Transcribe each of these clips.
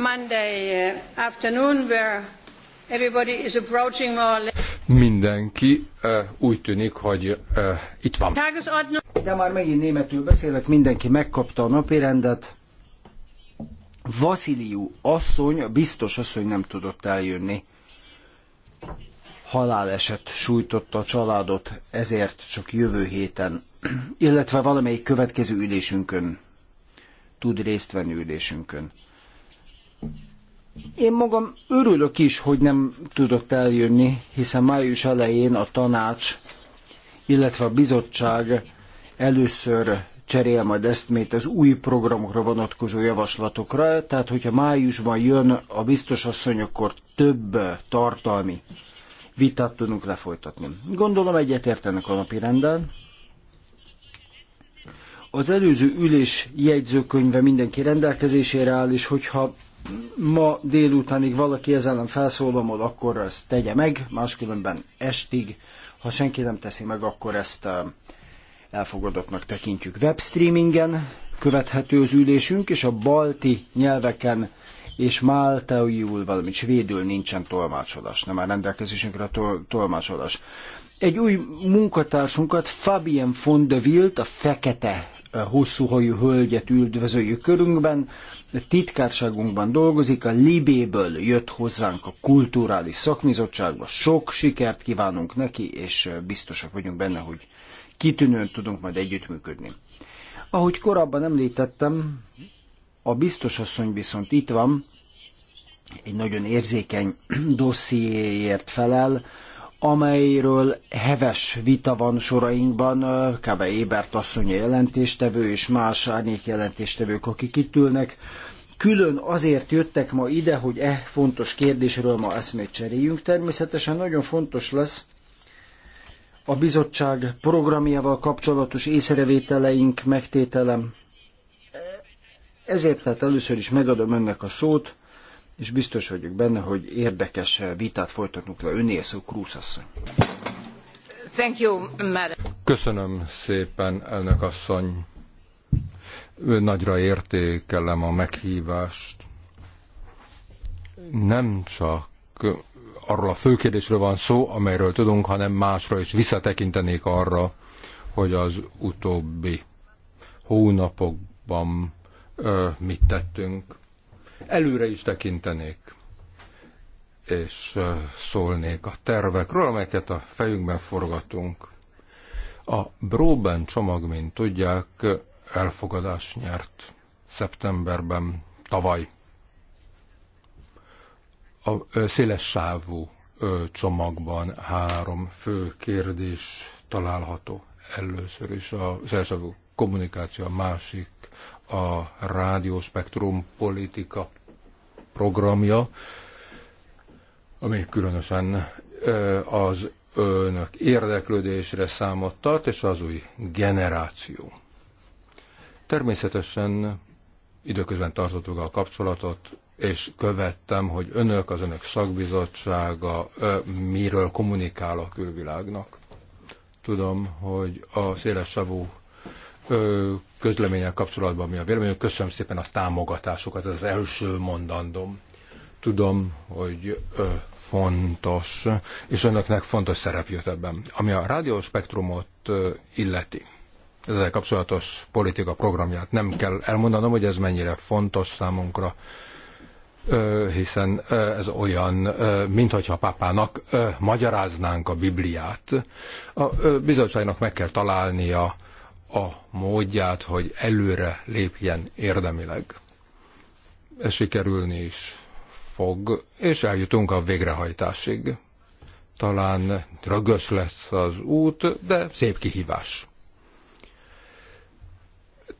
Uh, mindenki uh, úgy tűnik, hogy uh, itt van. De már megint németül beszélek, mindenki megkapta a napirendet. Vasiliu asszony, biztos asszony nem tudott eljönni. Haláleset sújtotta a családot, ezért csak jövő héten, illetve valamelyik következő ülésünkön tud részt venni ülésünkön. Én magam örülök is, hogy nem tudott eljönni, hiszen május elején a tanács, illetve a bizottság először cserél majd eszmét az új programokra vonatkozó javaslatokra, tehát hogyha májusban jön a biztos asszony, akkor több tartalmi vitát tudunk lefolytatni. Gondolom egyetértenek a napi renden. Az előző ülés jegyzőkönyve mindenki rendelkezésére áll, és hogyha ma délutánig valaki ezzel nem felszólomod, akkor ezt tegye meg, máskülönben estig, ha senki nem teszi meg, akkor ezt eh, elfogadottnak tekintjük. Webstreamingen követhető az ülésünk, és a balti nyelveken és máltaiul, valamint svédül nincsen tolmácsolás, nem áll rendelkezésünkre tol- tolmácsolás. Egy új munkatársunkat, Fabien von de Wild, a fekete eh, hosszú hajú hölgyet üldvözöljük körünkben, titkárságunkban dolgozik, a Libéből jött hozzánk a kulturális szakmizottságba. Sok sikert kívánunk neki, és biztosak vagyunk benne, hogy kitűnően tudunk majd együttműködni. Ahogy korábban említettem, a biztosasszony viszont itt van, egy nagyon érzékeny dossziéért felel, amelyről heves vita van sorainkban, Kábe Ébert asszony jelentéstevő és más árnyék jelentéstevők, akik itt ülnek. Külön azért jöttek ma ide, hogy e fontos kérdésről ma eszmét cseréljünk. Természetesen nagyon fontos lesz a bizottság programjával kapcsolatos észrevételeink megtételem. Ezért tehát először is megadom önnek a szót, és biztos vagyok benne, hogy érdekes vitát folytatnunk le. Önnél szó, Krúz asszony. Thank you, madam. Köszönöm szépen, elnök asszony. Ő nagyra értékelem a meghívást. Nem csak arról a fő kérdésről van szó, amelyről tudunk, hanem másra is visszatekintenék arra, hogy az utóbbi hónapokban ö, mit tettünk Előre is tekintenék, és szólnék a tervekről, amelyeket a fejünkben forgatunk. A Broben csomag, mint tudják, elfogadás nyert szeptemberben tavaly. A széles sávú csomagban három fő kérdés található. Először is a szélsávú kommunikáció, a másik a rádióspektrum politika programja, ami különösen az önök érdeklődésre számot tart, és az új generáció. Természetesen időközben tartottuk a kapcsolatot, és követtem, hogy önök, az önök szakbizottsága miről kommunikál a külvilágnak. Tudom, hogy a szélesávú közleménnyel kapcsolatban mi a véleményünk. Köszönöm szépen a támogatásokat, ez az első mondandom. Tudom, hogy ö, fontos, és önöknek fontos szerep jött ebben. Ami a rádióspektrumot illeti, ezzel kapcsolatos politika programját nem kell elmondanom, hogy ez mennyire fontos számunkra, hiszen ez olyan, a papának magyaráznánk a Bibliát. A bizottságnak meg kell találnia a módját, hogy előre lépjen érdemileg. Ez sikerülni is fog, és eljutunk a végrehajtásig. Talán rögös lesz az út, de szép kihívás.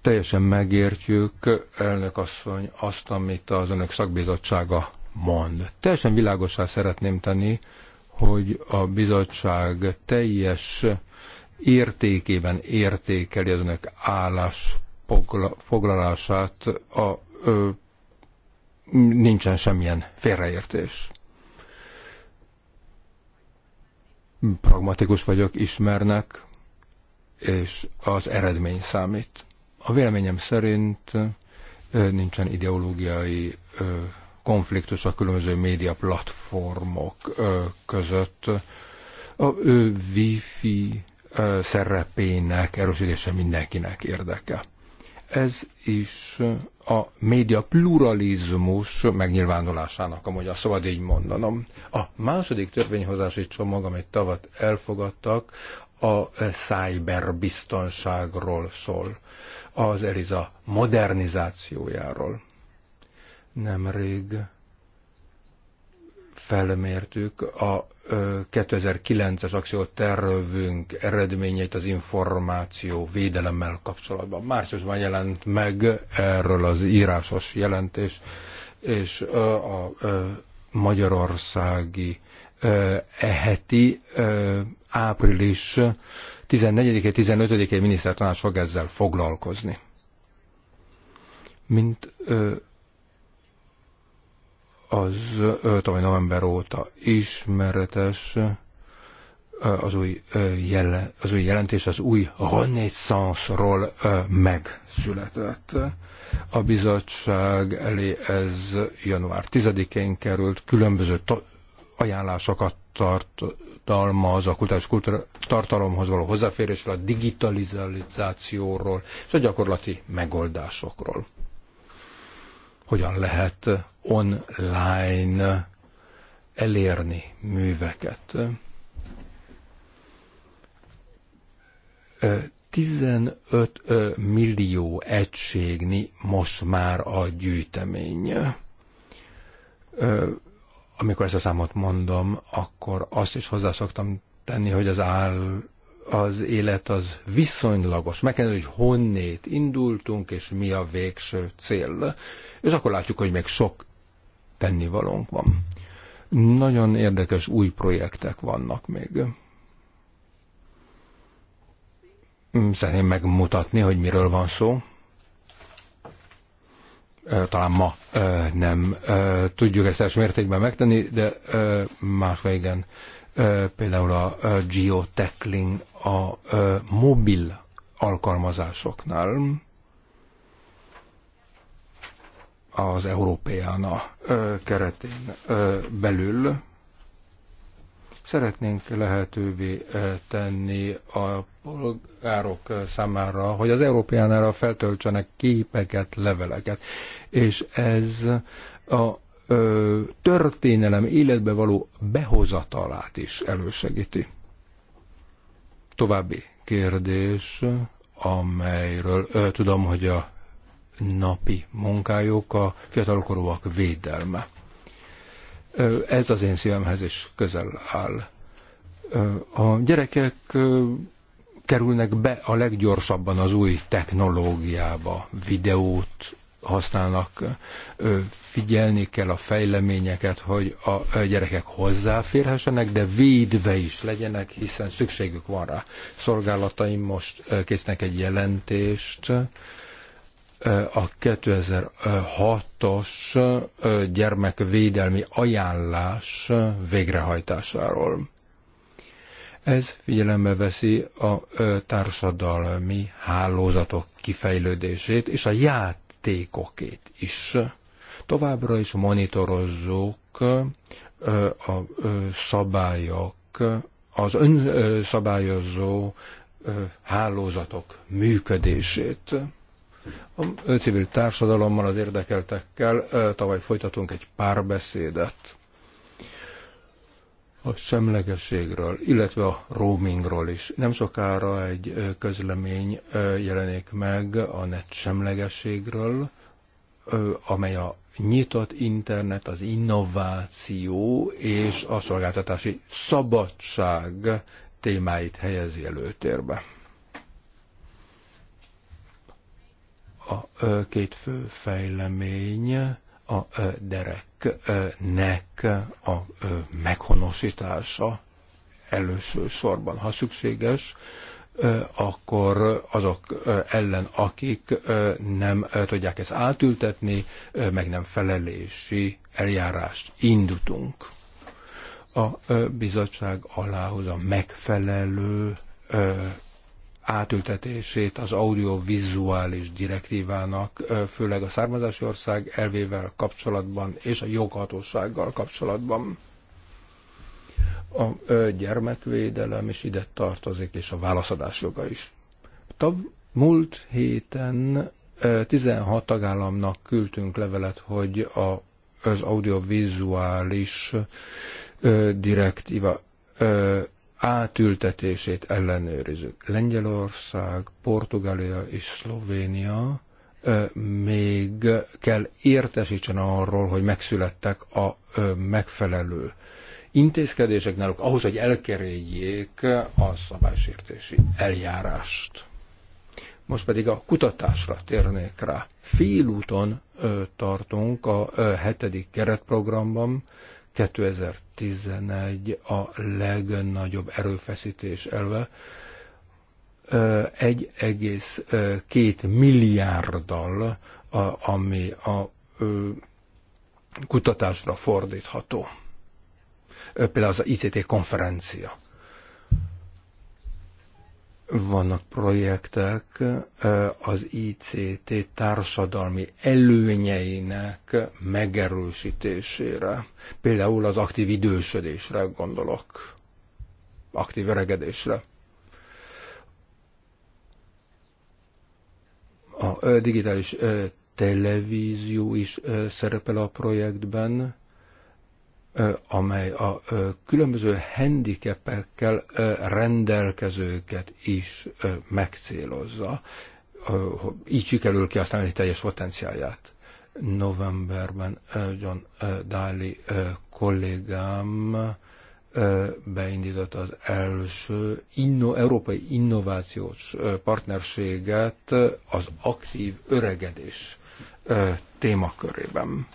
Teljesen megértjük, elnök asszony, azt, amit az önök szakbizottsága mond. Teljesen világosá szeretném tenni, hogy a bizottság teljes értékében értékeli az önök állásfoglalását, a, ö, nincsen semmilyen félreértés. Pragmatikus vagyok, ismernek, és az eredmény számít. A véleményem szerint nincsen ideológiai konfliktus a különböző média platformok között. A Wi-Fi szerepének erősítése mindenkinek érdeke. Ez is a média pluralizmus megnyilvánulásának, amúgy a szabad így mondanom. A második törvényhozási csomag, amit tavat elfogadtak, a cyberbiztonságról szól, az ERIZA modernizációjáról. Nemrég felmértük a 2009-es akciótervünk eredményeit az információ védelemmel kapcsolatban. Márciusban jelent meg erről az írásos jelentés, és a magyarországi eheti április 14-15-én minisztertanács fog ezzel foglalkozni. Mint az tavaly november óta ismeretes az új, jele, az új jelentés az új reneszánszról megszületett. A bizottság elé ez január 10-én került, különböző ajánlásokat az a kultúrás tartalomhoz való hozzáférésről, a digitalizációról és a gyakorlati megoldásokról hogyan lehet online elérni műveket. 15 millió egységni most már a gyűjtemény. Amikor ezt a számot mondom, akkor azt is hozzá szoktam tenni, hogy az áll az élet az viszonylagos. Meg kell, hogy honnét indultunk, és mi a végső cél. És akkor látjuk, hogy még sok tennivalónk van. Nagyon érdekes új projektek vannak még. Szeretném megmutatni, hogy miről van szó. Talán ma nem tudjuk ezt első mértékben megtenni, de másra igen például a geotackling a mobil alkalmazásoknál, az Európéána keretén belül szeretnénk lehetővé tenni a polgárok számára, hogy az Európéánára feltöltsenek képeket, leveleket, és ez a ö, történelem életbe való behozatalát is elősegíti. További kérdés, amelyről ö, tudom, hogy a napi munkájuk a fiatalkorúak védelme. Ö, ez az én szívemhez is közel áll. Ö, a gyerekek ö, kerülnek be a leggyorsabban az új technológiába, videót használnak. Figyelni kell a fejleményeket, hogy a gyerekek hozzáférhessenek, de védve is legyenek, hiszen szükségük van rá. Szolgálataim most késznek egy jelentést a 2006-os gyermekvédelmi ajánlás végrehajtásáról. Ez figyelembe veszi a társadalmi hálózatok kifejlődését és a ját játékokét is. Továbbra is monitorozzuk a szabályok, az önszabályozó hálózatok működését. A civil társadalommal, az érdekeltekkel tavaly folytatunk egy párbeszédet a semlegességről, illetve a roamingról is. Nem sokára egy közlemény jelenik meg a net semlegességről, amely a nyitott internet, az innováció és a szolgáltatási szabadság témáit helyezi előtérbe. A két fő fejlemény a dereknek a meghonosítása elősorban, ha szükséges, akkor azok ellen, akik nem tudják ezt átültetni, meg nem felelési eljárást indítunk. A bizottság alához a megfelelő átültetését az audiovizuális direktívának, főleg a származási ország elvével kapcsolatban és a joghatósággal kapcsolatban. A gyermekvédelem is ide tartozik, és a válaszadás joga is. Tav múlt héten 16 tagállamnak küldtünk levelet, hogy a, az audiovizuális direktíva átültetését ellenőrizzük. Lengyelország, Portugália és Szlovénia még kell értesítsen arról, hogy megszülettek a megfelelő intézkedések náluk ahhoz, hogy elkerüljék a szabálysértési eljárást. Most pedig a kutatásra térnék rá. Félúton tartunk a hetedik keretprogramban, 2011 a legnagyobb erőfeszítés elve, 1,2 milliárddal, ami a kutatásra fordítható. Például az ICT konferencia vannak projektek az ICT társadalmi előnyeinek megerősítésére. Például az aktív idősödésre gondolok, aktív öregedésre. A digitális televízió is szerepel a projektben, amely a különböző handicapekkel rendelkezőket is megcélozza. Így sikerül egy teljes potenciálját. Novemberben John Daly kollégám beindította az első inno, európai innovációs partnerséget az aktív öregedés témakörében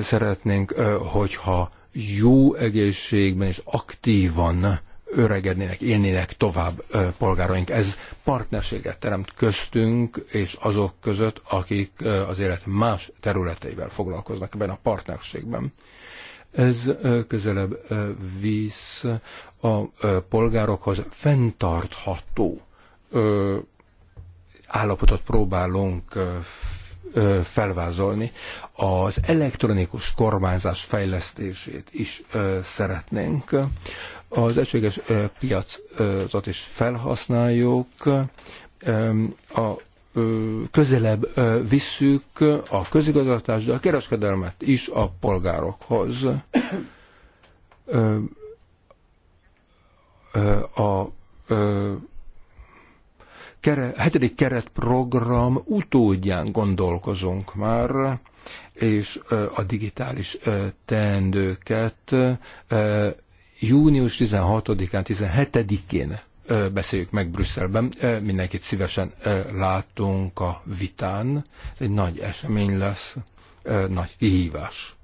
szeretnénk, hogyha jó egészségben és aktívan öregednének, élnének tovább polgáraink. Ez partnerséget teremt köztünk és azok között, akik az élet más területeivel foglalkoznak ebben a partnerségben. Ez közelebb visz a polgárokhoz fenntartható állapotot próbálunk felvázolni. Az elektronikus kormányzás fejlesztését is szeretnénk. Az egységes piacot is felhasználjuk. A közelebb visszük a közigazgatást, de a kereskedelmet is a polgárokhoz. A kere, hetedik keretprogram utódján gondolkozunk már, és a digitális teendőket június 16-án, 17-én beszéljük meg Brüsszelben. Mindenkit szívesen látunk a vitán. Ez egy nagy esemény lesz, nagy kihívás.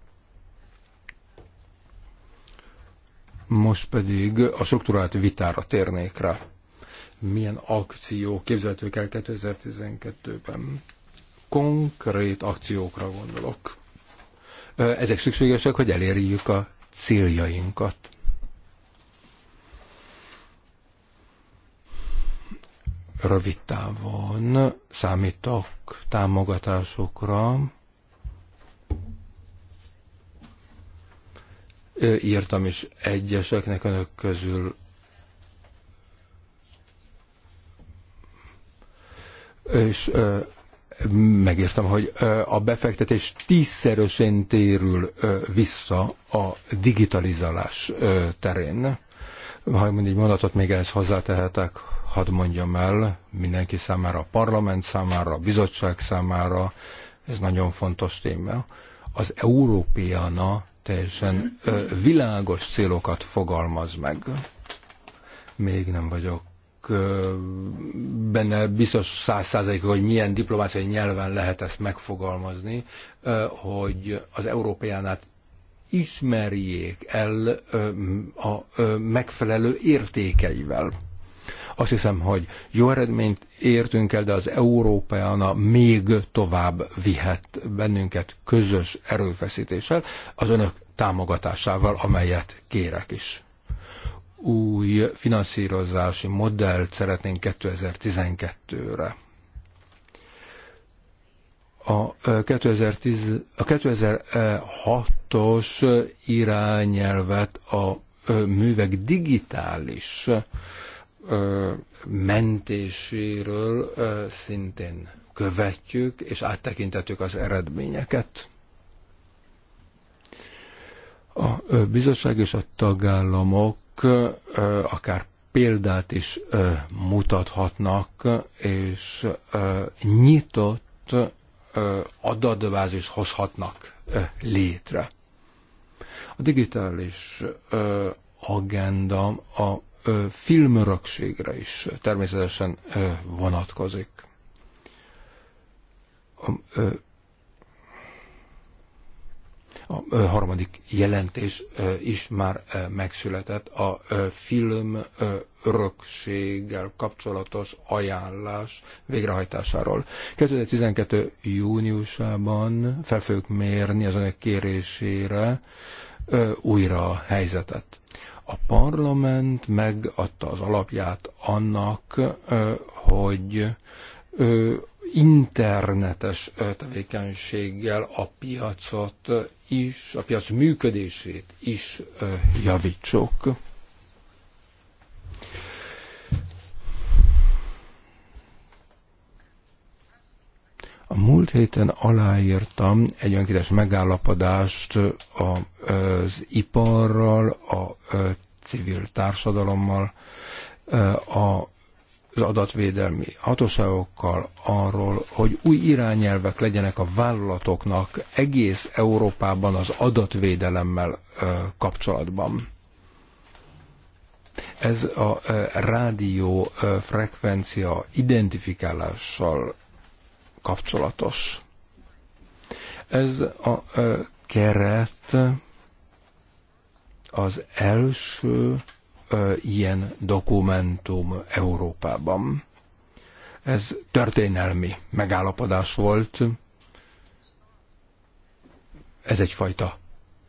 Most pedig a struktúrált vitára térnék rá milyen akció képzelhetők el 2012-ben. Konkrét akciókra gondolok. Ezek szükségesek, hogy elérjük a céljainkat. Rövid távon számítok támogatásokra, írtam is egyeseknek önök közül és megértem, hogy a befektetés tízszerösen térül vissza a digitalizálás terén. Ha mondjuk egy mondatot még ehhez hozzátehetek, hadd mondjam el mindenki számára, a parlament számára, a bizottság számára, ez nagyon fontos téma. Az Európiana teljesen világos célokat fogalmaz meg. Még nem vagyok benne biztos száz százalék, hogy milyen diplomáciai nyelven lehet ezt megfogalmazni, hogy az európeánát ismerjék el a megfelelő értékeivel. Azt hiszem, hogy jó eredményt értünk el, de az Európeana még tovább vihet bennünket közös erőfeszítéssel, az önök támogatásával, amelyet kérek is új finanszírozási modellt szeretnénk 2012-re. A, 2010, a 2006-os irányelvet a művek digitális mentéséről szintén követjük, és áttekintetjük az eredményeket. A bizottság és a tagállamok akár példát is mutathatnak, és nyitott adatbázis hozhatnak létre. A digitális agenda a filmörökségre is természetesen vonatkozik. A a harmadik jelentés is már megszületett. A film örökséggel kapcsolatos ajánlás végrehajtásáról. 2012. júniusában fel fogjuk mérni az önök kérésére újra a helyzetet. A parlament megadta az alapját annak, hogy internetes tevékenységgel a piacot is, a piac működését is javítsuk. A múlt héten aláírtam egy önkéntes megállapodást az iparral, a civil társadalommal, a az adatvédelmi hatóságokkal arról, hogy új irányelvek legyenek a vállalatoknak egész Európában az adatvédelemmel kapcsolatban. Ez a rádió frekvencia identifikálással kapcsolatos. Ez a keret az első ilyen dokumentum Európában. Ez történelmi megállapodás volt, ez egyfajta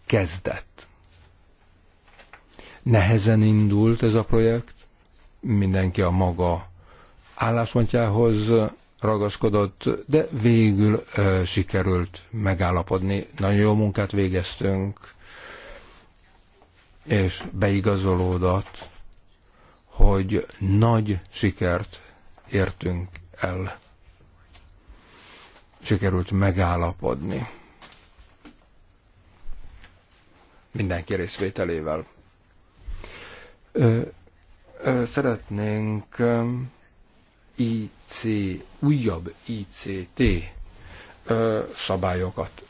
kezdet. Nehezen indult ez a projekt, mindenki a maga álláspontjához ragaszkodott, de végül ö, sikerült megállapodni. Nagyon jó munkát végeztünk, és beigazolódott, hogy nagy sikert értünk el. Sikerült megállapodni. Mindenki részvételével. Ö, ö, szeretnénk IC, újabb ICT szabályokat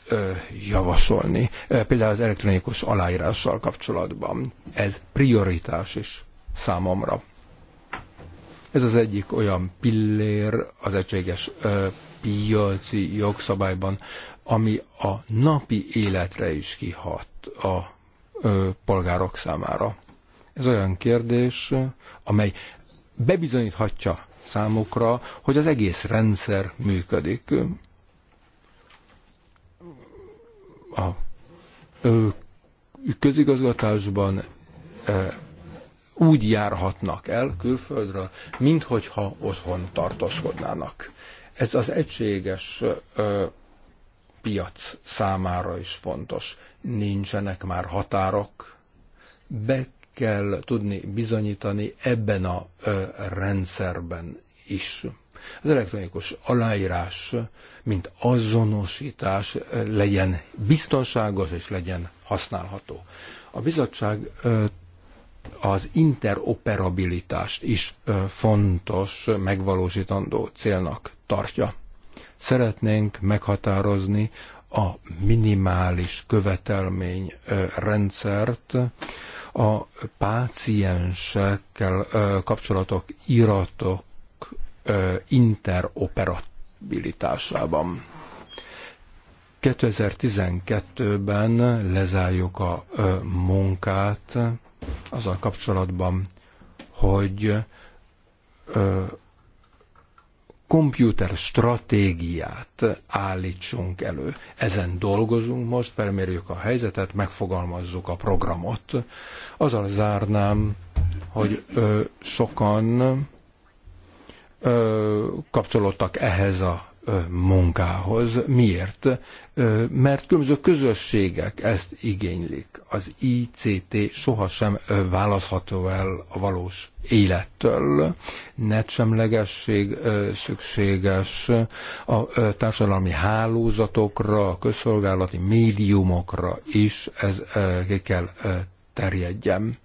javasolni, például az elektronikus aláírással kapcsolatban. Ez prioritás is számomra. Ez az egyik olyan pillér az egységes piaci jogszabályban, ami a napi életre is kihat a polgárok számára. Ez olyan kérdés, amely bebizonyíthatja számukra, hogy az egész rendszer működik. a közigazgatásban úgy járhatnak el külföldről, minthogyha otthon tartózkodnának. Ez az egységes piac számára is fontos. Nincsenek már határok, be kell tudni bizonyítani ebben a rendszerben is. Az elektronikus aláírás, mint azonosítás eh, legyen biztonságos és legyen használható. A bizottság eh, az interoperabilitást is eh, fontos, megvalósítandó célnak tartja. Szeretnénk meghatározni a minimális követelmény rendszert, a páciensekkel kapcsolatok, iratok interoperabilitásában. 2012-ben lezárjuk a munkát azzal kapcsolatban, hogy komputer stratégiát állítsunk elő. Ezen dolgozunk most, felmérjük a helyzetet, megfogalmazzuk a programot. Azzal zárnám, hogy ö, sokan kapcsolódtak ehhez a munkához. Miért? Mert különböző közösségek ezt igénylik. Az ICT sohasem választható el a valós élettől. Netsemlegesség szükséges a társadalmi hálózatokra, a közszolgálati médiumokra is ez ki kell terjedjen.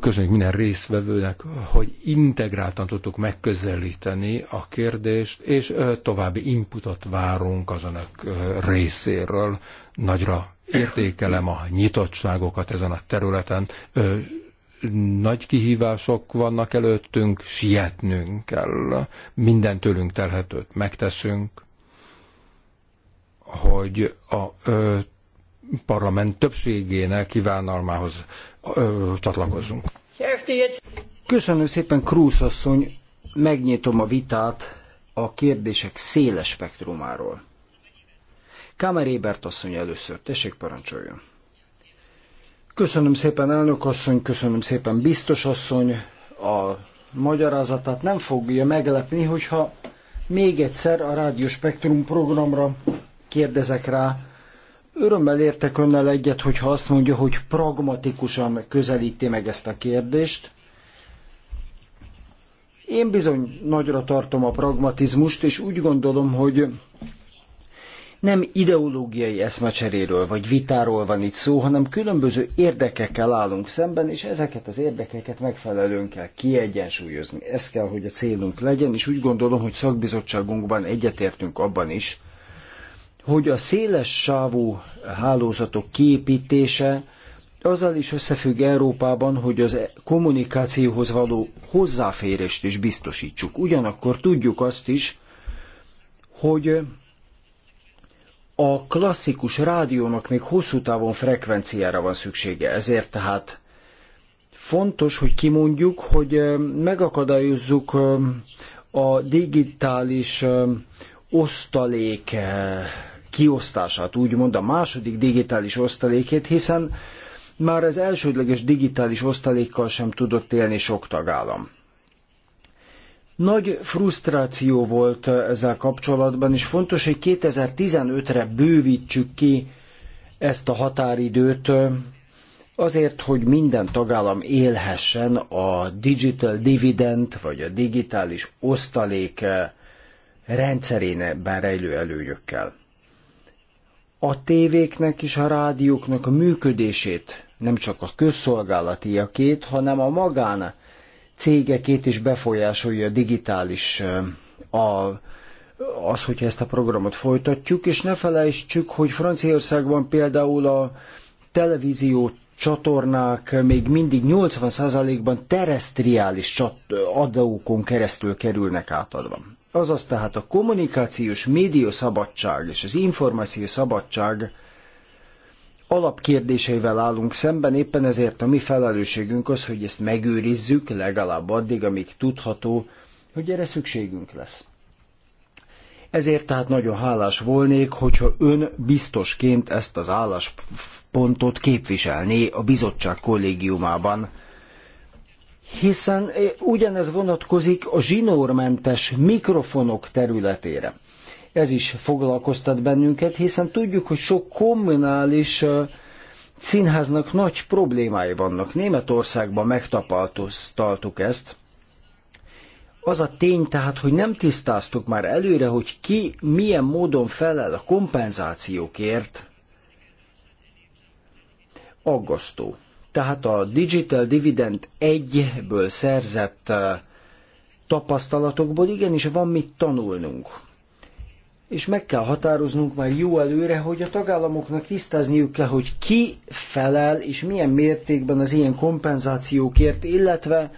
Köszönjük minden résztvevőnek, hogy integráltan tudtuk megközelíteni a kérdést, és további inputot várunk az önök részéről. Nagyra értékelem a nyitottságokat ezen a területen. Nagy kihívások vannak előttünk, sietnünk kell. Minden tőlünk telhetőt megteszünk, hogy a parlament többségének kívánalmához csatlakozzunk. Köszönöm szépen, Krúz asszony, megnyitom a vitát a kérdések széles spektrumáról. Kámer Ébert asszony először, tessék parancsoljon. Köszönöm szépen, elnök asszony, köszönöm szépen, biztos asszony, a magyarázatát nem fogja meglepni, hogyha még egyszer a Rádió Spektrum programra kérdezek rá, Örömmel értek önnel egyet, hogyha azt mondja, hogy pragmatikusan közelíti meg ezt a kérdést. Én bizony nagyra tartom a pragmatizmust, és úgy gondolom, hogy nem ideológiai eszmecseréről vagy vitáról van itt szó, hanem különböző érdekekkel állunk szemben, és ezeket az érdekeket megfelelően kell kiegyensúlyozni. Ez kell, hogy a célunk legyen, és úgy gondolom, hogy szakbizottságunkban egyetértünk abban is, hogy a széles sávú hálózatok kiépítése azzal is összefügg Európában, hogy az kommunikációhoz való hozzáférést is biztosítsuk. Ugyanakkor tudjuk azt is, hogy a klasszikus rádiónak még hosszú távon frekvenciára van szüksége, ezért tehát fontos, hogy kimondjuk, hogy megakadályozzuk a digitális osztalék kiosztását, úgymond a második digitális osztalékét, hiszen már az elsődleges digitális osztalékkal sem tudott élni sok tagállam. Nagy frusztráció volt ezzel kapcsolatban, és fontos, hogy 2015-re bővítsük ki ezt a határidőt, azért, hogy minden tagállam élhessen a digital dividend, vagy a digitális osztalék rendszerében rejlő előnyökkel a tévéknek és a rádióknak a működését, nem csak a közszolgálatiakét, hanem a magán cégekét is befolyásolja a digitális a, az, hogyha ezt a programot folytatjuk, és ne felejtsük, hogy Franciaországban például a televízió csatornák még mindig 80%-ban terestriális adókon keresztül kerülnek átadva. Azaz tehát a kommunikációs médiaszabadság és az információ szabadság alapkérdéseivel állunk szemben, éppen ezért a mi felelősségünk az, hogy ezt megőrizzük legalább addig, amíg tudható, hogy erre szükségünk lesz. Ezért tehát nagyon hálás volnék, hogyha ön biztosként ezt az álláspontot képviselné a bizottság kollégiumában hiszen eh, ugyanez vonatkozik a zsinórmentes mikrofonok területére. Ez is foglalkoztat bennünket, hiszen tudjuk, hogy sok kommunális eh, színháznak nagy problémái vannak. Németországban megtapasztaltuk ezt. Az a tény tehát, hogy nem tisztáztuk már előre, hogy ki milyen módon felel a kompenzációkért, aggasztó. Tehát a Digital Dividend 1-ből szerzett tapasztalatokból igenis van mit tanulnunk. És meg kell határoznunk már jó előre, hogy a tagállamoknak tisztázniuk kell, hogy ki felel és milyen mértékben az ilyen kompenzációkért, illetve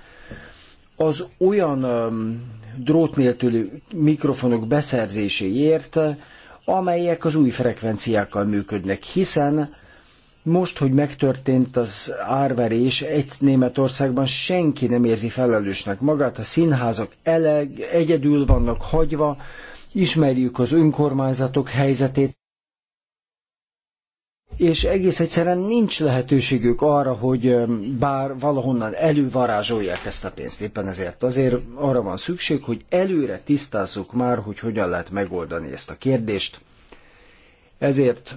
az olyan um, drót nélküli mikrofonok beszerzéséért, amelyek az új frekvenciákkal működnek, hiszen most, hogy megtörtént az árverés egy Németországban, senki nem érzi felelősnek magát, a színházak eleg, egyedül vannak hagyva, ismerjük az önkormányzatok helyzetét, és egész egyszerűen nincs lehetőségük arra, hogy bár valahonnan elővarázsolják ezt a pénzt. Éppen ezért azért arra van szükség, hogy előre tisztázzuk már, hogy hogyan lehet megoldani ezt a kérdést. Ezért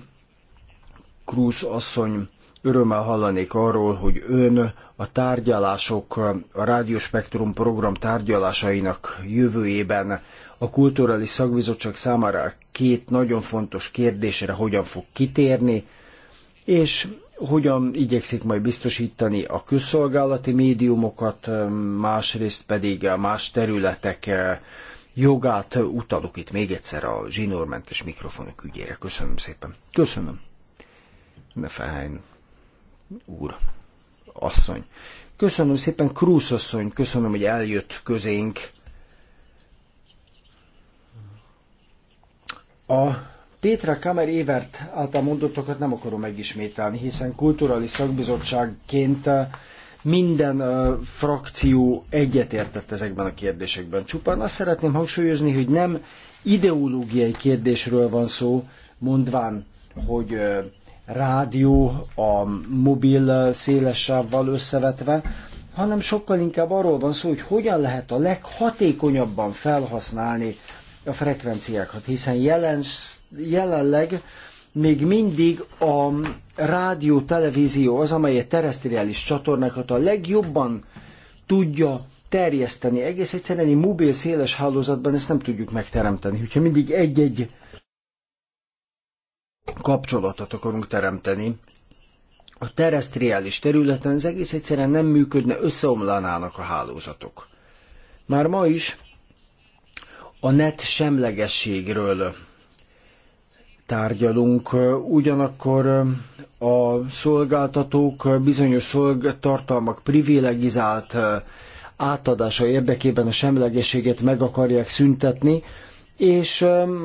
Krúz asszony, örömmel hallanék arról, hogy ön a tárgyalások, a Rádióspektrum program tárgyalásainak jövőjében a Kulturális Szakbizottság számára két nagyon fontos kérdésre hogyan fog kitérni, és hogyan igyekszik majd biztosítani a közszolgálati médiumokat, másrészt pedig a más területek jogát. Utalok itt még egyszer a zsinórmentes mikrofonok ügyére. Köszönöm szépen. Köszönöm. Ne Fehány úr, asszony. Köszönöm szépen, Krúz asszony, köszönöm, hogy eljött közénk. A Pétra Kamer Évert által mondottakat nem akarom megismételni, hiszen kulturális szakbizottságként uh, minden uh, frakció egyetértett ezekben a kérdésekben. Csupán azt szeretném hangsúlyozni, hogy nem ideológiai kérdésről van szó, mondván, hogy uh, rádió, a mobil szélesebbval összevetve, hanem sokkal inkább arról van szó, hogy hogyan lehet a leghatékonyabban felhasználni a frekvenciákat, hiszen jelen, jelenleg még mindig a rádió, televízió az, amely a terrestriális csatornákat a legjobban tudja terjeszteni. Egész egyszerűen egy mobil széles hálózatban ezt nem tudjuk megteremteni. Hogyha mindig egy-egy kapcsolatot akarunk teremteni, a terrestriális területen az egész egyszerűen nem működne, összeomlanának a hálózatok. Már ma is a net semlegességről tárgyalunk, ugyanakkor a szolgáltatók bizonyos szolgáltartalmak privilegizált átadása érdekében a semlegességet meg akarják szüntetni, és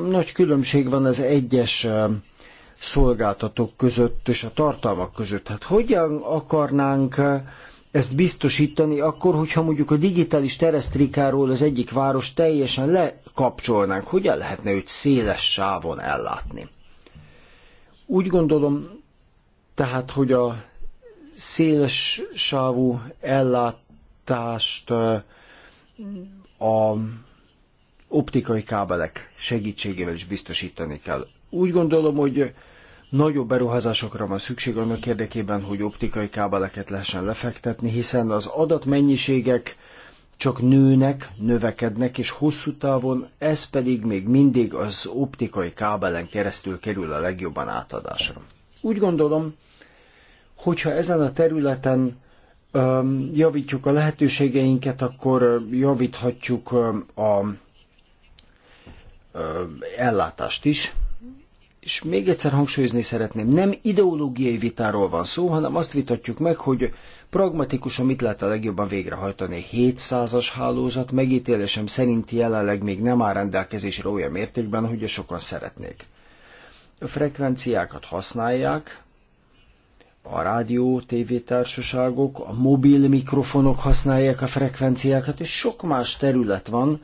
nagy különbség van az egyes szolgáltatók között és a tartalmak között. Hát hogyan akarnánk eh, ezt biztosítani akkor, hogyha mondjuk a digitális teresztrikáról az egyik város teljesen lekapcsolnánk, hogyan lehetne őt széles sávon ellátni? Úgy gondolom, tehát, hogy a széles sávú ellátást eh, a optikai kábelek segítségével is biztosítani kell. Úgy gondolom, hogy nagyobb beruházásokra van szükség annak érdekében, hogy optikai kábeleket lehessen lefektetni, hiszen az adatmennyiségek csak nőnek, növekednek, és hosszú távon ez pedig még mindig az optikai kábelen keresztül kerül a legjobban átadásra. Úgy gondolom, hogyha ezen a területen öm, javítjuk a lehetőségeinket, akkor javíthatjuk a ellátást is, és még egyszer hangsúlyozni szeretném, nem ideológiai vitáról van szó, hanem azt vitatjuk meg, hogy pragmatikusan mit lehet a legjobban végrehajtani. 700-as hálózat megítélésem szerint jelenleg még nem áll rendelkezésre olyan mértékben, hogy a sokan szeretnék. A frekvenciákat használják, a rádió, tévétársaságok, a mobil mikrofonok használják a frekvenciákat, és sok más terület van,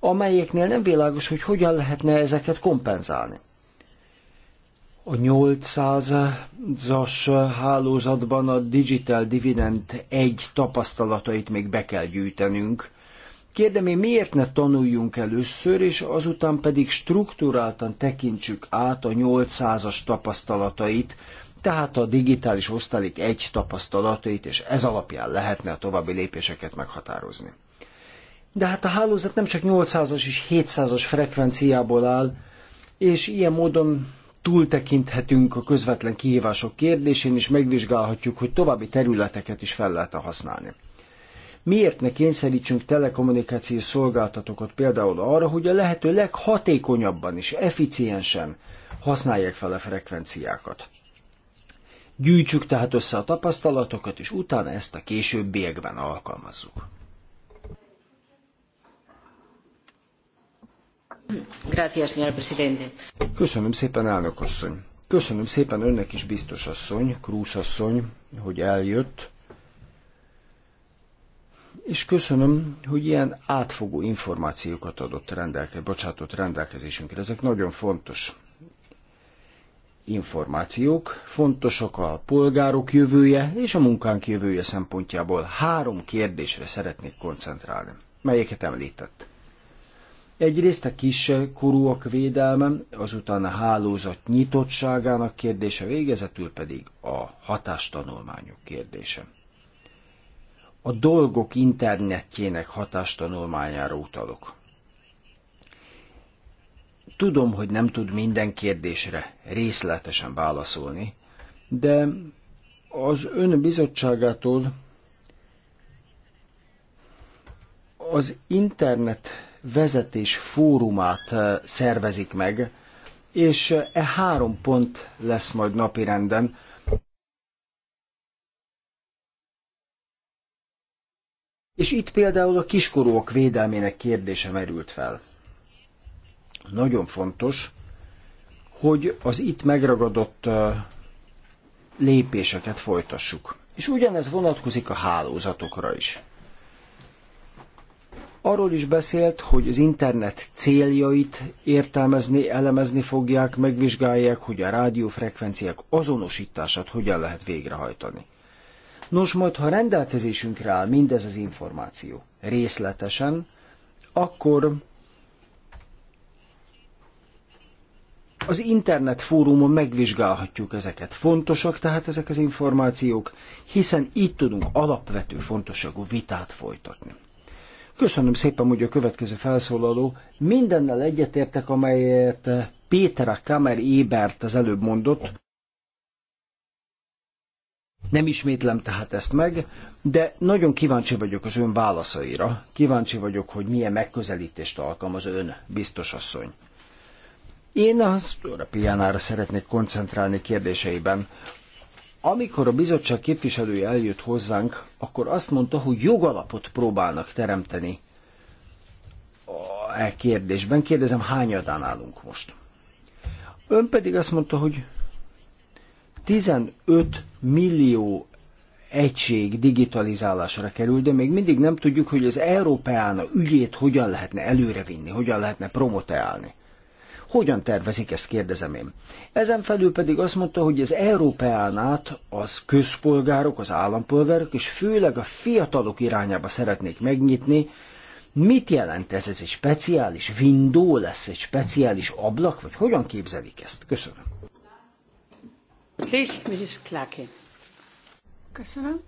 amelyeknél nem világos, hogy hogyan lehetne ezeket kompenzálni a 800-as hálózatban a Digital Dividend egy tapasztalatait még be kell gyűjtenünk. Kérdem én, miért ne tanuljunk először, és azután pedig strukturáltan tekintsük át a 800-as tapasztalatait, tehát a digitális osztalék egy tapasztalatait, és ez alapján lehetne a további lépéseket meghatározni. De hát a hálózat nem csak 800-as és 700-as frekvenciából áll, és ilyen módon túltekinthetünk a közvetlen kihívások kérdésén, és megvizsgálhatjuk, hogy további területeket is fel lehet használni. Miért ne kényszerítsünk telekommunikációs szolgáltatókat például arra, hogy a lehető leghatékonyabban és efficiensen használják fel a frekvenciákat? Gyűjtsük tehát össze a tapasztalatokat, és utána ezt a későbbiekben alkalmazzuk. Köszönöm szépen, elnök asszony. Köszönöm szépen önnek is, biztos asszony, Krúz asszony, hogy eljött. És köszönöm, hogy ilyen átfogó információkat adott rendelke, bocsátott rendelkezésünkre. Ezek nagyon fontos információk, fontosak a polgárok jövője és a munkánk jövője szempontjából. Három kérdésre szeretnék koncentrálni, melyeket említett. Egyrészt a kis korúak védelme, azután a hálózat nyitottságának kérdése, végezetül pedig a hatástanulmányok kérdése. A dolgok internetjének hatástanulmányára utalok. Tudom, hogy nem tud minden kérdésre részletesen válaszolni, de az ön bizottságától az internet vezetés fórumát eh, szervezik meg, és eh, e három pont lesz majd napirenden. És itt például a kiskorúak védelmének kérdése merült fel. Nagyon fontos, hogy az itt megragadott eh, lépéseket folytassuk. És ugyanez vonatkozik a hálózatokra is. Arról is beszélt, hogy az internet céljait értelmezni, elemezni fogják, megvizsgálják, hogy a rádiófrekvenciák azonosítását hogyan lehet végrehajtani. Nos, majd ha rendelkezésünkre áll mindez az információ részletesen, akkor az internet fórumon megvizsgálhatjuk ezeket. Fontosak tehát ezek az információk, hiszen itt tudunk alapvető fontosságú vitát folytatni. Köszönöm szépen, hogy a következő felszólaló mindennel egyetértek, amelyet Péter a Kamer Ébert az előbb mondott. Nem ismétlem tehát ezt meg, de nagyon kíváncsi vagyok az ön válaszaira. Kíváncsi vagyok, hogy milyen megközelítést alkalmaz ön, biztos asszony. Én az Európiánára szeretnék koncentrálni kérdéseiben. Amikor a bizottság képviselője eljött hozzánk, akkor azt mondta, hogy jogalapot próbálnak teremteni a e kérdésben. Kérdezem, hányadán állunk most? Ön pedig azt mondta, hogy 15 millió egység digitalizálásra kerül, de még mindig nem tudjuk, hogy az Európeána ügyét hogyan lehetne előrevinni, hogyan lehetne promoteálni. Hogyan tervezik ezt, kérdezem én. Ezen felül pedig azt mondta, hogy az Európán át az közpolgárok, az állampolgárok, és főleg a fiatalok irányába szeretnék megnyitni, Mit jelent ez? Ez egy speciális window lesz, egy speciális ablak, vagy hogyan képzelik ezt? Köszönöm. Köszönöm.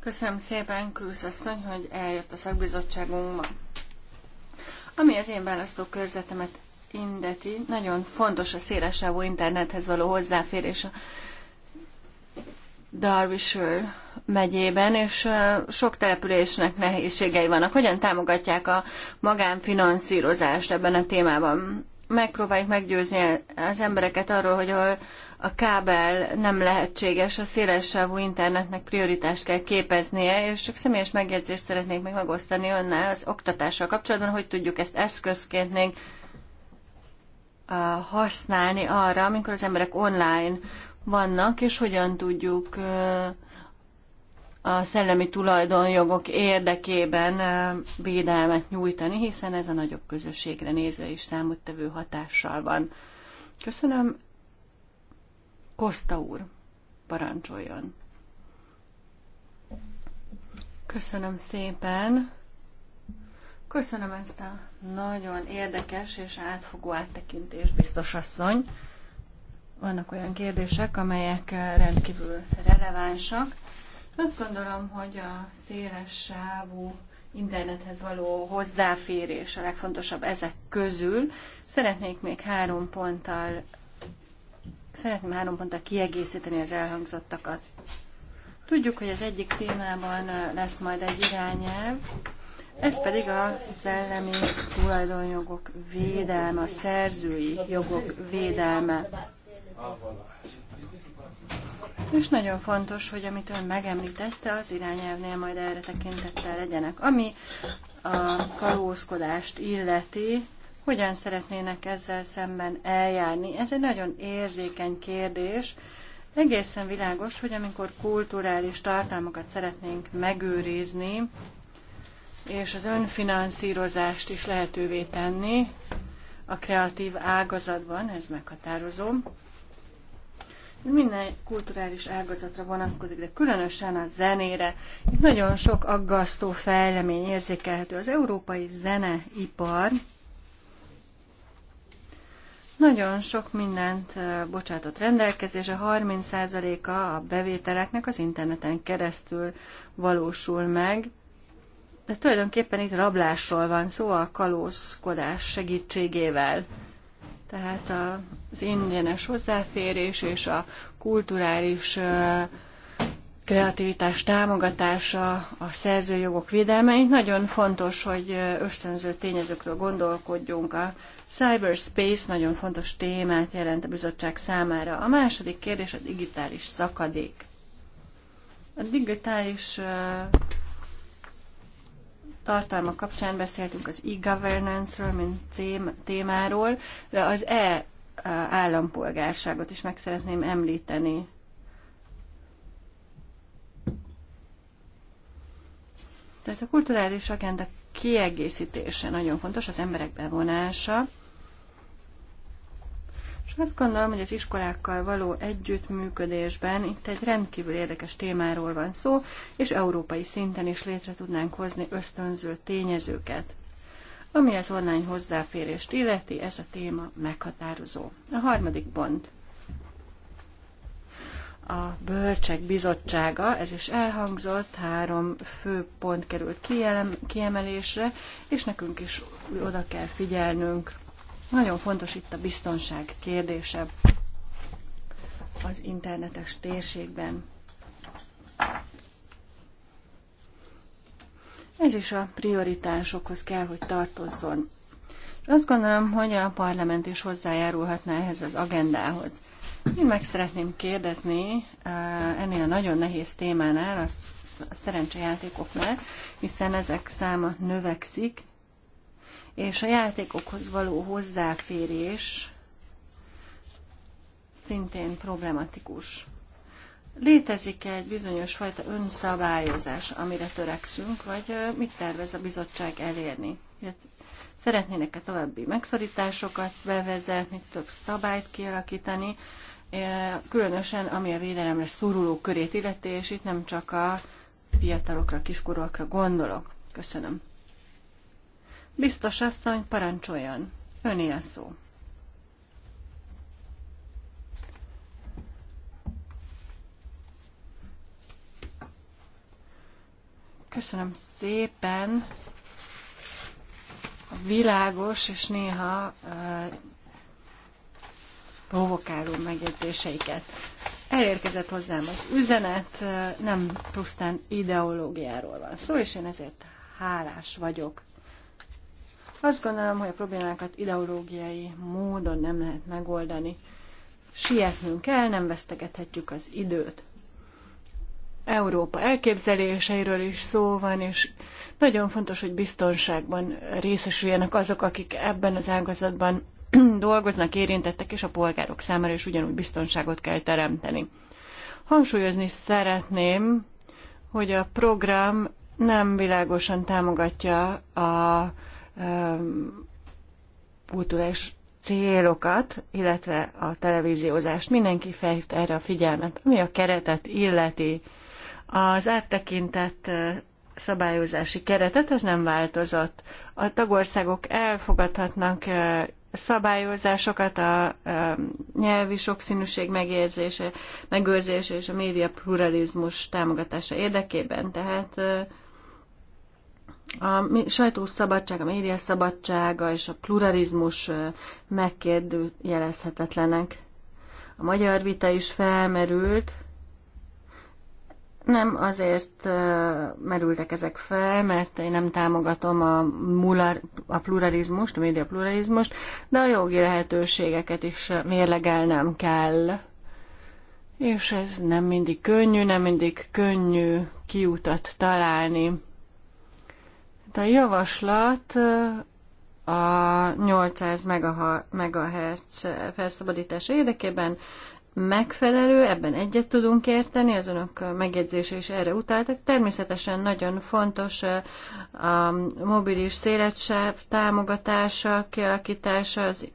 Köszönöm szépen, Krusz asszony, hogy eljött a szakbizottságunkba. Ami az én választókörzetemet indeti, nagyon fontos a szélesávú internethez való hozzáférés a Darvishire megyében, és sok településnek nehézségei vannak. Hogyan támogatják a magánfinanszírozást ebben a témában? Megpróbáljuk meggyőzni az embereket arról, hogy ahol a kábel nem lehetséges, a szélessávú internetnek prioritást kell képeznie, és csak személyes megjegyzést szeretnék még megosztani önnel az oktatással kapcsolatban, hogy tudjuk ezt eszközként még használni arra, amikor az emberek online vannak, és hogyan tudjuk a szellemi tulajdonjogok érdekében védelmet nyújtani, hiszen ez a nagyobb közösségre nézve is számottevő hatással van. Köszönöm, Kosta úr, parancsoljon. Köszönöm szépen. Köszönöm ezt a nagyon érdekes és átfogó áttekintést, biztos asszony. Vannak olyan kérdések, amelyek rendkívül relevánsak. Azt gondolom, hogy a széles sávú internethez való hozzáférés a legfontosabb ezek közül. Szeretnék még három ponttal Szeretném három ponttal kiegészíteni az elhangzottakat. Tudjuk, hogy az egyik témában lesz majd egy irányelv, ez pedig a szellemi tulajdonjogok védelme, a szerzői jogok védelme. És nagyon fontos, hogy amit ön megemlítette, az irányelvnél majd erre tekintettel legyenek. Ami a kalózkodást illeti, hogyan szeretnének ezzel szemben eljárni. Ez egy nagyon érzékeny kérdés. Egészen világos, hogy amikor kulturális tartalmakat szeretnénk megőrizni, és az önfinanszírozást is lehetővé tenni a kreatív ágazatban, ez meghatározó. Minden kulturális ágazatra vonatkozik, de különösen a zenére. Itt nagyon sok aggasztó fejlemény érzékelhető. Az európai zeneipar nagyon sok mindent bocsátott a 30%-a a bevételeknek az interneten keresztül valósul meg, de tulajdonképpen itt rablásról van szó a kalózkodás segítségével. Tehát az ingyenes hozzáférés és a kulturális kreativitás támogatása, a szerzőjogok védelme. Itt nagyon fontos, hogy ösztönző tényezőkről gondolkodjunk. A cyberspace nagyon fontos témát jelent a bizottság számára. A második kérdés a digitális szakadék. A digitális tartalma kapcsán beszéltünk az e-governance-ről, mint témáról, de az e állampolgárságot is meg szeretném említeni. Tehát a kulturális agenda kiegészítése nagyon fontos, az emberek bevonása. És azt gondolom, hogy az iskolákkal való együttműködésben itt egy rendkívül érdekes témáról van szó, és európai szinten is létre tudnánk hozni ösztönző tényezőket. Ami az online hozzáférést illeti, ez a téma meghatározó. A harmadik pont a Bölcsek Bizottsága, ez is elhangzott, három fő pont került kiemelésre, és nekünk is oda kell figyelnünk. Nagyon fontos itt a biztonság kérdése az internetes térségben. Ez is a prioritásokhoz kell, hogy tartozzon. Azt gondolom, hogy a parlament is hozzájárulhatna ehhez az agendához. Én meg szeretném kérdezni eh, ennél a nagyon nehéz témánál, az a szerencsejátékoknál, hiszen ezek száma növekszik, és a játékokhoz való hozzáférés szintén problematikus. Létezik -e egy bizonyos fajta önszabályozás, amire törekszünk, vagy eh, mit tervez a bizottság elérni? Szeretnének-e további megszorításokat bevezetni, több szabályt kialakítani, E, különösen ami a védelemre szoruló körét illeti, és itt nem csak a fiatalokra, kiskorúakra gondolok. Köszönöm. Biztos asszony, parancsoljon. Öné a szó. Köszönöm szépen a világos és néha e, provokáló megjegyzéseiket. Elérkezett hozzám az üzenet, nem pusztán ideológiáról van szó, és én ezért hálás vagyok. Azt gondolom, hogy a problémákat ideológiai módon nem lehet megoldani. Sietnünk kell, nem vesztegethetjük az időt. Európa elképzeléseiről is szó van, és nagyon fontos, hogy biztonságban részesüljenek azok, akik ebben az ágazatban mind dolgoznak érintettek, és a polgárok számára is ugyanúgy biztonságot kell teremteni. Hangsúlyozni szeretném, hogy a program nem világosan támogatja a kulturális célokat, illetve a televíziózást. Mindenki felhívta erre a figyelmet, ami a keretet illeti. Az áttekintett szabályozási keretet, ez nem változott. A tagországok elfogadhatnak szabályozásokat, a, nyelvi sokszínűség megérzése, megőrzése és a média pluralizmus támogatása érdekében. Tehát a sajtószabadság, a média szabadsága és a pluralizmus megkérdőjelezhetetlenek. A magyar vita is felmerült, nem azért merültek ezek fel, mert én nem támogatom a, mular, a pluralizmust, a média pluralizmust, de a jogi lehetőségeket is mérlegelnem kell. És ez nem mindig könnyű, nem mindig könnyű kiutat találni. Hát a javaslat a 800 MHz felszabadítása érdekében megfelelő, ebben egyet tudunk érteni, az önök megjegyzése is erre utáltak. Természetesen nagyon fontos a mobilis széletsáv támogatása, kialakítása, az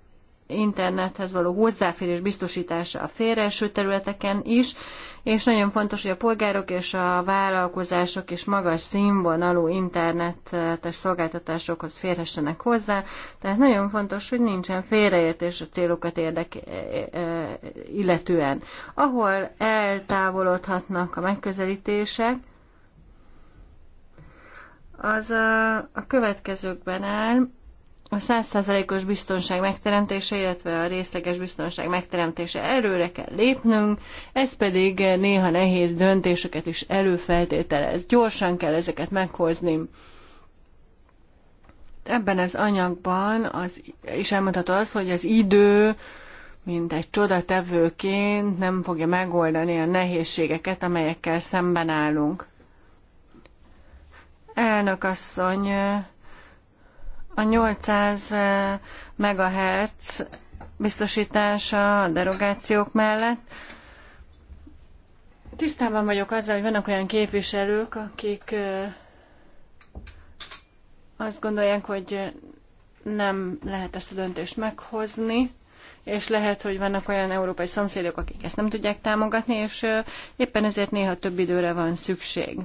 internethez való hozzáférés biztosítása a félreeső területeken is, és nagyon fontos, hogy a polgárok és a vállalkozások is magas színvonalú internetes szolgáltatásokhoz férhessenek hozzá, tehát nagyon fontos, hogy nincsen félreértés a célokat érdek e- e- e- illetően. Ahol eltávolodhatnak a megközelítések, az a, a következőkben áll, a százszázalékos biztonság megteremtése, illetve a részleges biztonság megteremtése előre kell lépnünk, ez pedig néha nehéz döntéseket is előfeltételez. Gyorsan kell ezeket meghozni. Ebben az anyagban az, is elmondható az, hogy az idő, mint egy csodatevőként nem fogja megoldani a nehézségeket, amelyekkel szemben állunk. Elnök asszony, a 800 MHz biztosítása a derogációk mellett. Tisztában vagyok azzal, hogy vannak olyan képviselők, akik azt gondolják, hogy nem lehet ezt a döntést meghozni, és lehet, hogy vannak olyan európai szomszédok, akik ezt nem tudják támogatni, és éppen ezért néha több időre van szükség.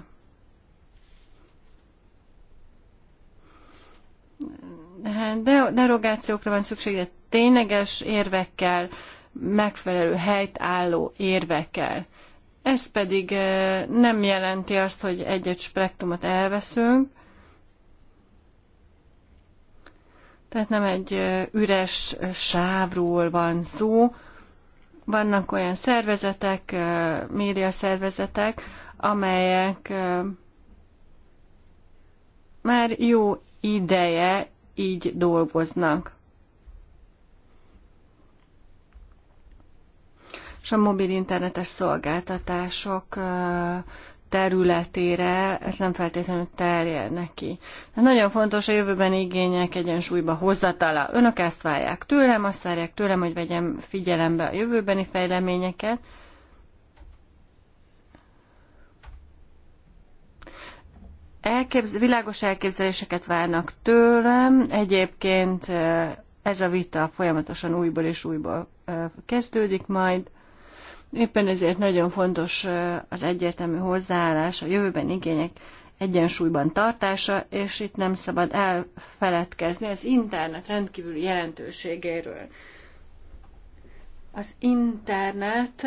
Hát de derogációkra van szükség, de tényleges érvekkel, megfelelő helyt álló érvekkel. Ez pedig eh, nem jelenti azt, hogy egy-egy spektrumot elveszünk, tehát nem egy eh, üres sávról van szó. Vannak olyan szervezetek, eh, média szervezetek, amelyek már jó ideje így dolgoznak. És a mobil internetes szolgáltatások területére ez nem feltétlenül terjed neki. De nagyon fontos a jövőben igények egyensúlyba hozzatala. Önök ezt várják tőlem, azt várják tőlem, hogy vegyem figyelembe a jövőbeni fejleményeket, elképz- világos elképzeléseket várnak tőlem. Egyébként ez a vita folyamatosan újból és újból kezdődik majd. Éppen ezért nagyon fontos az egyértelmű hozzáállás, a jövőben igények egyensúlyban tartása, és itt nem szabad elfeledkezni az internet rendkívüli jelentőségéről. Az internet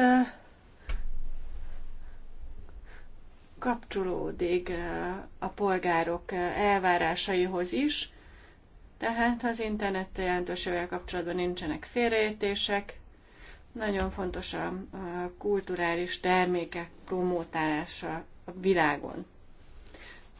kapcsolódik eh, a polgárok eh, elvárásaihoz is, tehát az internet jelentőségével kapcsolatban nincsenek félreértések, nagyon fontos a, kulturális termékek promótálása a világon.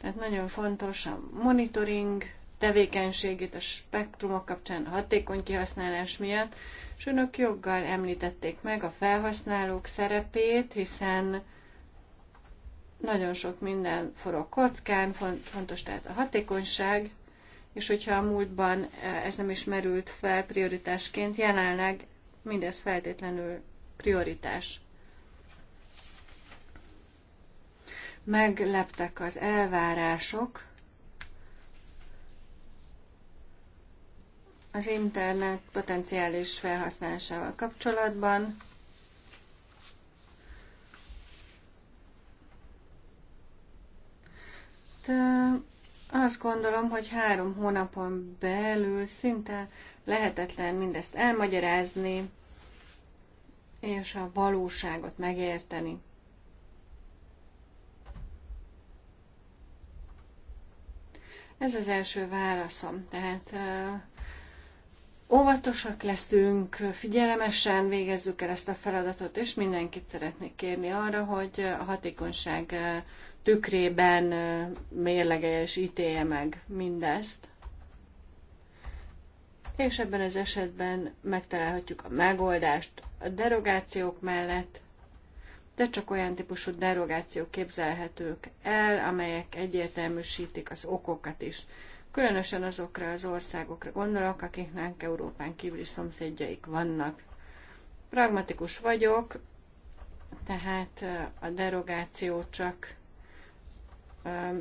Tehát nagyon fontos a monitoring tevékenységét a spektrumok kapcsán a hatékony kihasználás miatt, és önök joggal említették meg a felhasználók szerepét, hiszen nagyon sok minden forog kockán, fontos tehát a hatékonyság, és hogyha a múltban e, ez nem is merült fel prioritásként, jelenleg mindez feltétlenül prioritás. Megleptek az elvárások, az internet potenciális felhasználásával kapcsolatban. azt gondolom, hogy három hónapon belül szinte lehetetlen mindezt elmagyarázni, és a valóságot megérteni. Ez az első válaszom. Tehát óvatosak leszünk, figyelemesen végezzük el ezt a feladatot, és mindenkit szeretnék kérni arra, hogy a hatékonyság tükrében mérlegelje és ítélje meg mindezt. És ebben az esetben megtalálhatjuk a megoldást a derogációk mellett, de csak olyan típusú derogációk képzelhetők el, amelyek egyértelműsítik az okokat is. Különösen azokra az országokra gondolok, akiknek Európán kívüli szomszédjaik vannak. Pragmatikus vagyok, tehát a derogáció csak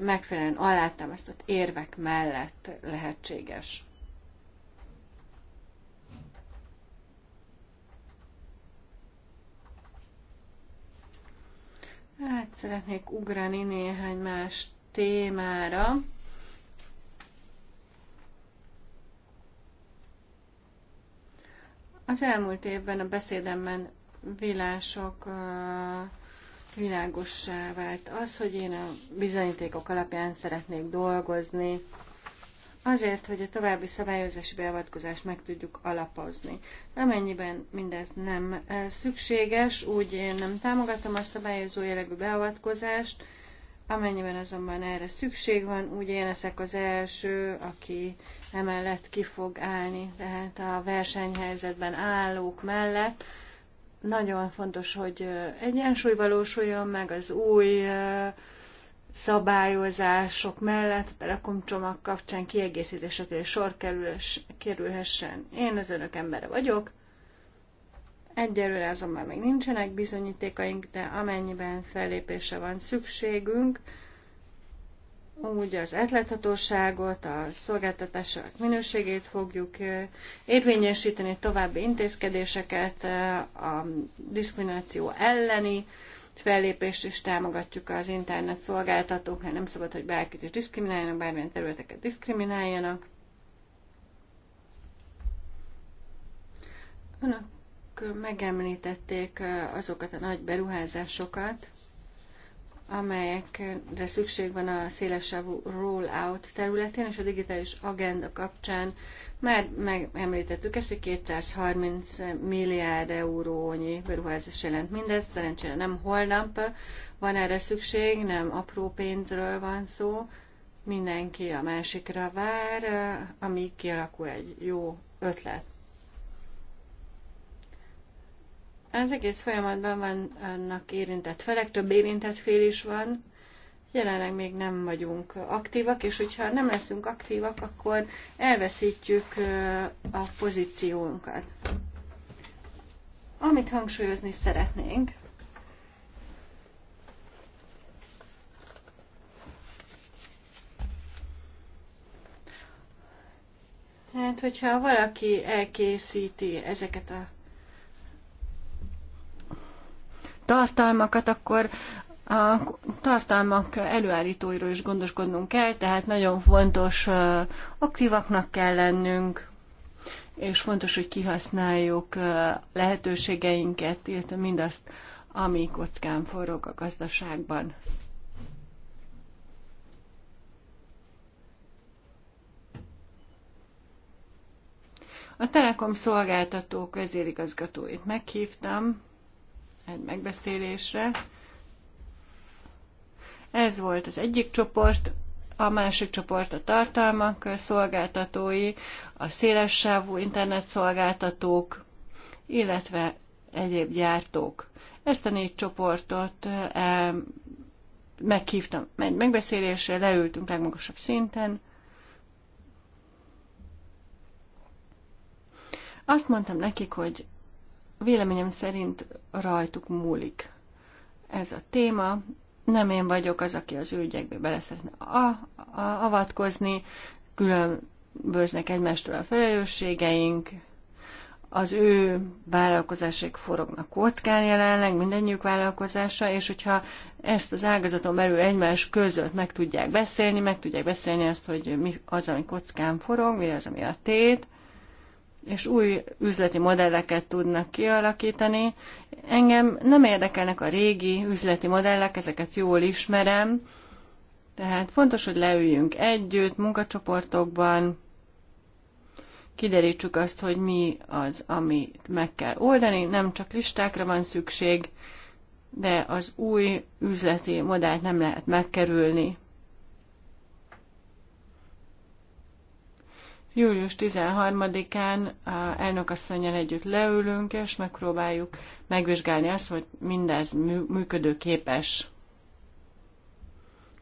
megfelelően alátámasztott érvek mellett lehetséges. Hát szeretnék ugrani néhány más témára. Az elmúlt évben a beszédemben vilások világossá vált az, hogy én a bizonyítékok alapján szeretnék dolgozni, azért, hogy a további szabályozási beavatkozást meg tudjuk alapozni. Amennyiben mindez nem e, szükséges, úgy én nem támogatom a szabályozó jellegű beavatkozást, amennyiben azonban erre szükség van, úgy én leszek az első, aki emellett ki fog állni, tehát a versenyhelyzetben állók mellett, nagyon fontos, hogy egyensúly valósuljon meg az új szabályozások mellett a Telekom csomag kapcsán kiegészítésekre sor kerülhessen. Én az önök embere vagyok, Egyelőre azonban még nincsenek bizonyítékaink, de amennyiben fellépése van szükségünk, úgy az átláthatóságot, a szolgáltatások minőségét fogjuk érvényesíteni, további intézkedéseket, a diszkrimináció elleni fellépést is támogatjuk az internet szolgáltatók, mert nem szabad, hogy bárkit is diszkrimináljanak, bármilyen területeket diszkrimináljanak. Önök megemlítették azokat a nagy beruházásokat, amelyekre szükség van a szélesávú rollout területén, és a digitális agenda kapcsán már megemlítettük ezt, hogy 230 milliárd eurónyi beruházás jelent mindez, szerencsére nem holnap van erre szükség, nem apró pénzről van szó, mindenki a másikra vár, amíg kialakul egy jó ötlet. Az egész folyamatban vannak érintett felek, több érintett fél is van. Jelenleg még nem vagyunk aktívak, és hogyha nem leszünk aktívak, akkor elveszítjük a pozíciónkat. Amit hangsúlyozni szeretnénk, Hát, hogyha valaki elkészíti ezeket a tartalmakat, akkor a tartalmak előállítóiról is gondoskodnunk kell, tehát nagyon fontos aktívaknak kell lennünk, és fontos, hogy kihasználjuk lehetőségeinket, illetve mindazt, ami kockán forog a gazdaságban. A Telekom szolgáltató közérigazgatóit meghívtam, egy megbeszélésre. Ez volt az egyik csoport, a másik csoport a tartalmak szolgáltatói, a szélessávú internetszolgáltatók, illetve egyéb gyártók. Ezt a négy csoportot e, meghívtam egy megbeszélésre, leültünk legmagasabb szinten. Azt mondtam nekik, hogy véleményem szerint rajtuk múlik ez a téma. Nem én vagyok az, aki az ügyekbe bele szeretne a, a, avatkozni, különböznek egymástól a felelősségeink, az ő vállalkozásaik forognak kockán jelenleg, mindennyiük vállalkozása, és hogyha ezt az ágazaton belül egymás között meg tudják beszélni, meg tudják beszélni azt, hogy mi az, ami kockán forog, mi az, ami a tét, és új üzleti modelleket tudnak kialakítani. Engem nem érdekelnek a régi üzleti modellek, ezeket jól ismerem, tehát fontos, hogy leüljünk együtt, munkacsoportokban, kiderítsük azt, hogy mi az, amit meg kell oldani, nem csak listákra van szükség, de az új üzleti modellt nem lehet megkerülni. Július 13-án elnökasszonyjal együtt leülünk, és megpróbáljuk megvizsgálni azt, hogy mindez működőképes.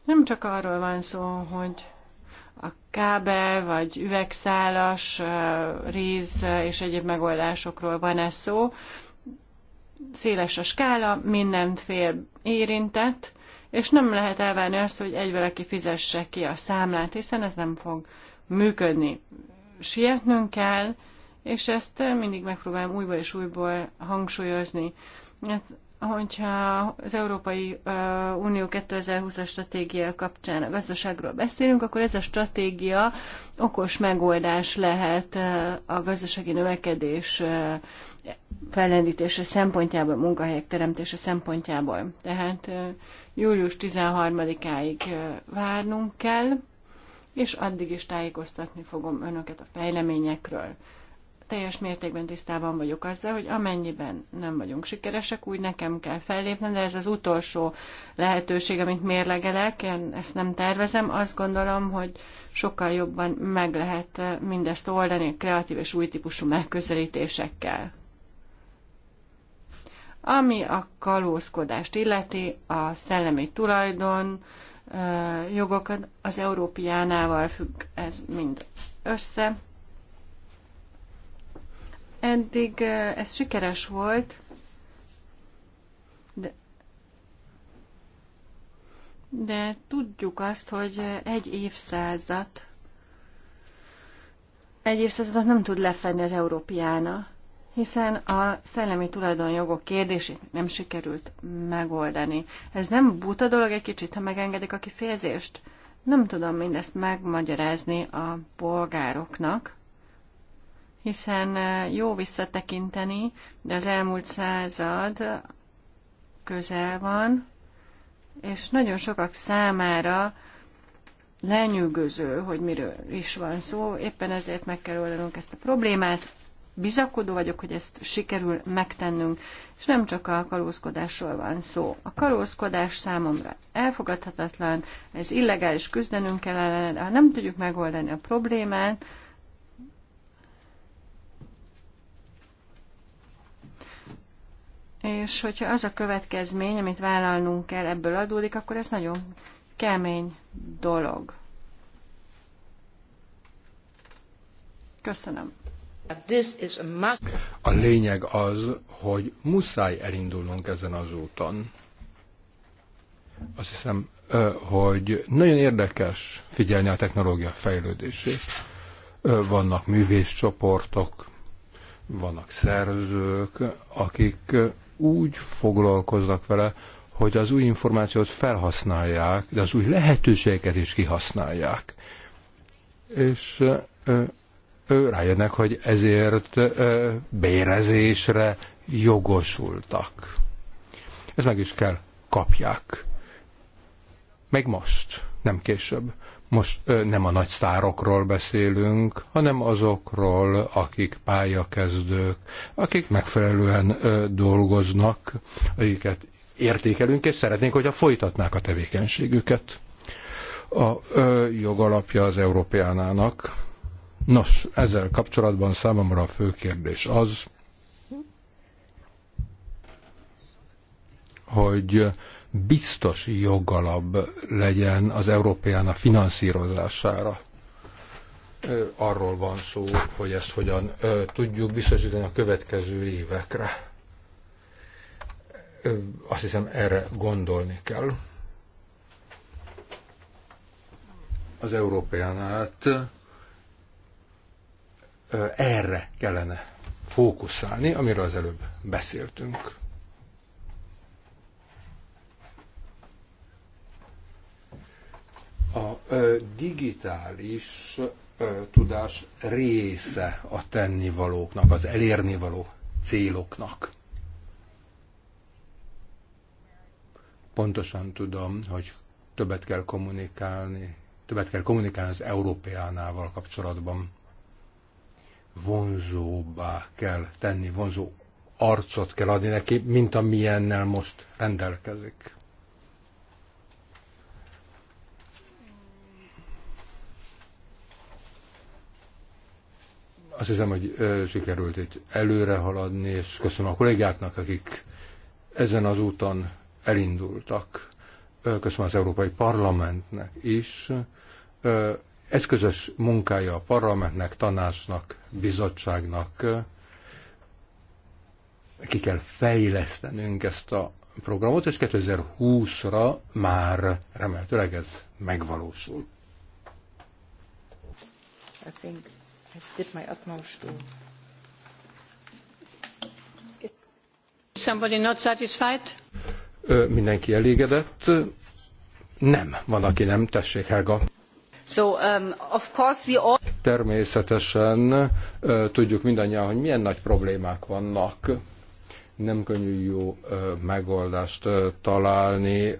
Nem csak arról van szó, hogy a kábel vagy üvegszálas réz és egyéb megoldásokról van ez szó. Széles a skála, fél érintett, és nem lehet elvárni azt, hogy egy valaki fizesse ki a számlát, hiszen ez nem fog működni. Sietnünk kell, és ezt mindig megpróbálom újból és újból hangsúlyozni. Hát, hogyha az Európai Unió 2020-as stratégia kapcsán a gazdaságról beszélünk, akkor ez a stratégia okos megoldás lehet a gazdasági növekedés fellendítése szempontjából, munkahelyek teremtése szempontjából. Tehát július 13-áig várnunk kell, és addig is tájékoztatni fogom önöket a fejleményekről. Teljes mértékben tisztában vagyok azzal, hogy amennyiben nem vagyunk sikeresek, úgy nekem kell fellépnem, de ez az utolsó lehetőség, amit mérlegelek, én ezt nem tervezem. Azt gondolom, hogy sokkal jobban meg lehet eh, mindezt oldani kreatív és új típusú megközelítésekkel. Ami a kalózkodást illeti, a szellemi tulajdon, jogokat, az európiánával függ ez mind össze. Eddig ez sikeres volt, de, de tudjuk azt, hogy egy évszázad egy évszázadot nem tud lefedni az európiána hiszen a szellemi tulajdonjogok kérdését nem sikerült megoldani. Ez nem buta dolog egy kicsit, ha megengedik a kifejezést? Nem tudom mindezt megmagyarázni a polgároknak, hiszen eh, jó visszatekinteni, de az elmúlt század közel van, és nagyon sokak számára lenyűgöző, hogy miről is van szó, éppen ezért meg kell oldanunk ezt a problémát, bizakodó vagyok, hogy ezt sikerül megtennünk, és nem csak a kalózkodásról van szó. A kalózkodás számomra elfogadhatatlan, ez illegális, küzdenünk kell ellen, ha nem tudjuk megoldani a problémát, És hogyha az a következmény, amit vállalnunk kell, ebből adódik, akkor ez nagyon kemény dolog. Köszönöm. A lényeg az, hogy muszáj elindulnunk ezen az úton. Azt hiszem, hogy nagyon érdekes figyelni a technológia fejlődését. Vannak művészcsoportok, vannak szerzők, akik úgy foglalkoznak vele, hogy az új információt felhasználják, de az új lehetőségeket is kihasználják. És rájönnek, hogy ezért bérezésre jogosultak. Ez meg is kell kapják. Meg most, nem később. Most nem a nagy sztárokról beszélünk, hanem azokról, akik pályakezdők, akik megfelelően dolgoznak, akiket értékelünk, és szeretnénk, hogyha folytatnák a tevékenységüket. A jogalapja az Európeánának Nos, ezzel kapcsolatban számomra a fő kérdés az, hogy biztos jogalap legyen az Európeána finanszírozására. Arról van szó, hogy ezt hogyan tudjuk biztosítani a következő évekre. Azt hiszem erre gondolni kell. Az át erre kellene fókuszálni, amiről az előbb beszéltünk. A digitális tudás része a tennivalóknak, az elérnivaló céloknak. Pontosan tudom, hogy többet kell kommunikálni, többet kell kommunikálni az Európeánával kapcsolatban vonzóbbá kell tenni, vonzó arcot kell adni neki, mint amilyennel most rendelkezik. Azt hiszem, hogy sikerült itt előre haladni, és köszönöm a kollégáknak, akik ezen az úton elindultak. Köszönöm az Európai Parlamentnek is, ez közös munkája a parlamentnek, tanácsnak, bizottságnak. Ki kell fejlesztenünk ezt a programot, és 2020-ra már remélhetőleg ez megvalósul. I think I did my utmost Somebody not satisfied? Ö, mindenki elégedett? Nem, van, aki nem. Tessék, Helga. Um, Természetesen tudjuk mindannyian, hogy milyen nagy problémák vannak. Nem könnyű jó megoldást találni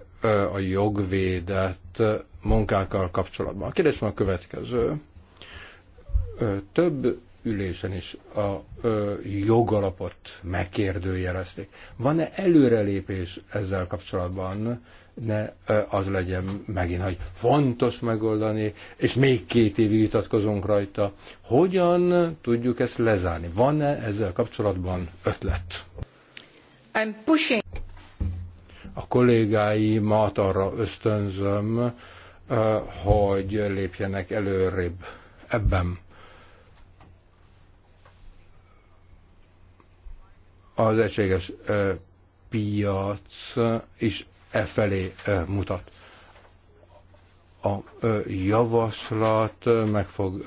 a jogvédett munkákkal kapcsolatban. A kérdés a következő. Több ülésen is a ö, jogalapot megkérdőjelezték. Van-e előrelépés ezzel kapcsolatban? ne az legyen megint, hogy fontos megoldani, és még két évig vitatkozunk rajta. Hogyan tudjuk ezt lezárni? Van-e ezzel kapcsolatban ötlet? I'm pushing. A kollégáimat arra ösztönzöm, hogy lépjenek előrébb ebben. Az egységes piac is e felé e, mutat. A e, javaslat e, meg fog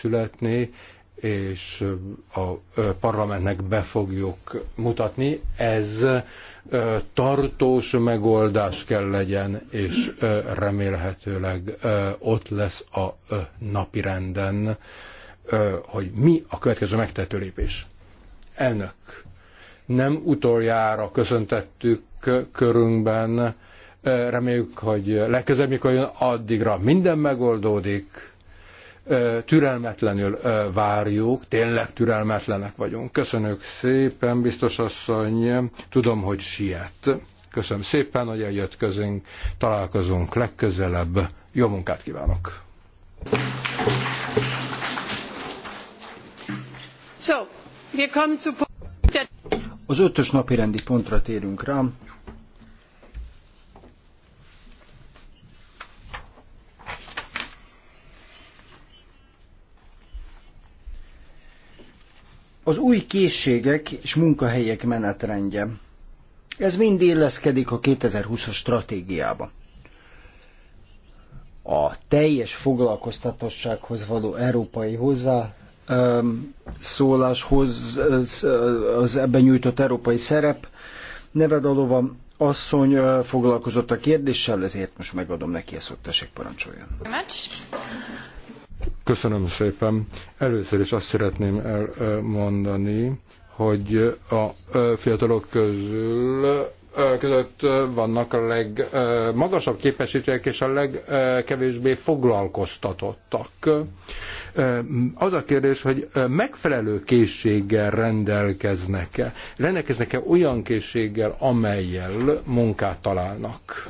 születni, és a parlamentnek be fogjuk mutatni. Ez tartós megoldás kell legyen, és remélhetőleg ott lesz a napirenden, hogy mi a következő megtető lépés. Elnök nem utoljára köszöntettük körünkben. Reméljük, hogy legközelebb, mikor jön, addigra minden megoldódik. Türelmetlenül várjuk, tényleg türelmetlenek vagyunk. Köszönök szépen, biztos asszony, tudom, hogy siet. Köszönöm szépen, hogy eljött közénk, találkozunk legközelebb. Jó munkát kívánok! So, wir kommen zu az ötös napi rendi pontra térünk rá. Az új készségek és munkahelyek menetrendje. Ez mind illeszkedik a 2020-as stratégiába. A teljes foglalkoztatossághoz való európai hozzá szóláshoz az ebben nyújtott európai szerep. Nevedalova asszony foglalkozott a kérdéssel, ezért most megadom neki a szót, tessék parancsoljon. Köszönöm szépen. Először is azt szeretném elmondani, hogy a fiatalok közül között vannak a legmagasabb képesítőek és a legkevésbé foglalkoztatottak. Az a kérdés, hogy megfelelő készséggel rendelkeznek-e? Rendelkeznek-e olyan készséggel, amelyel munkát találnak?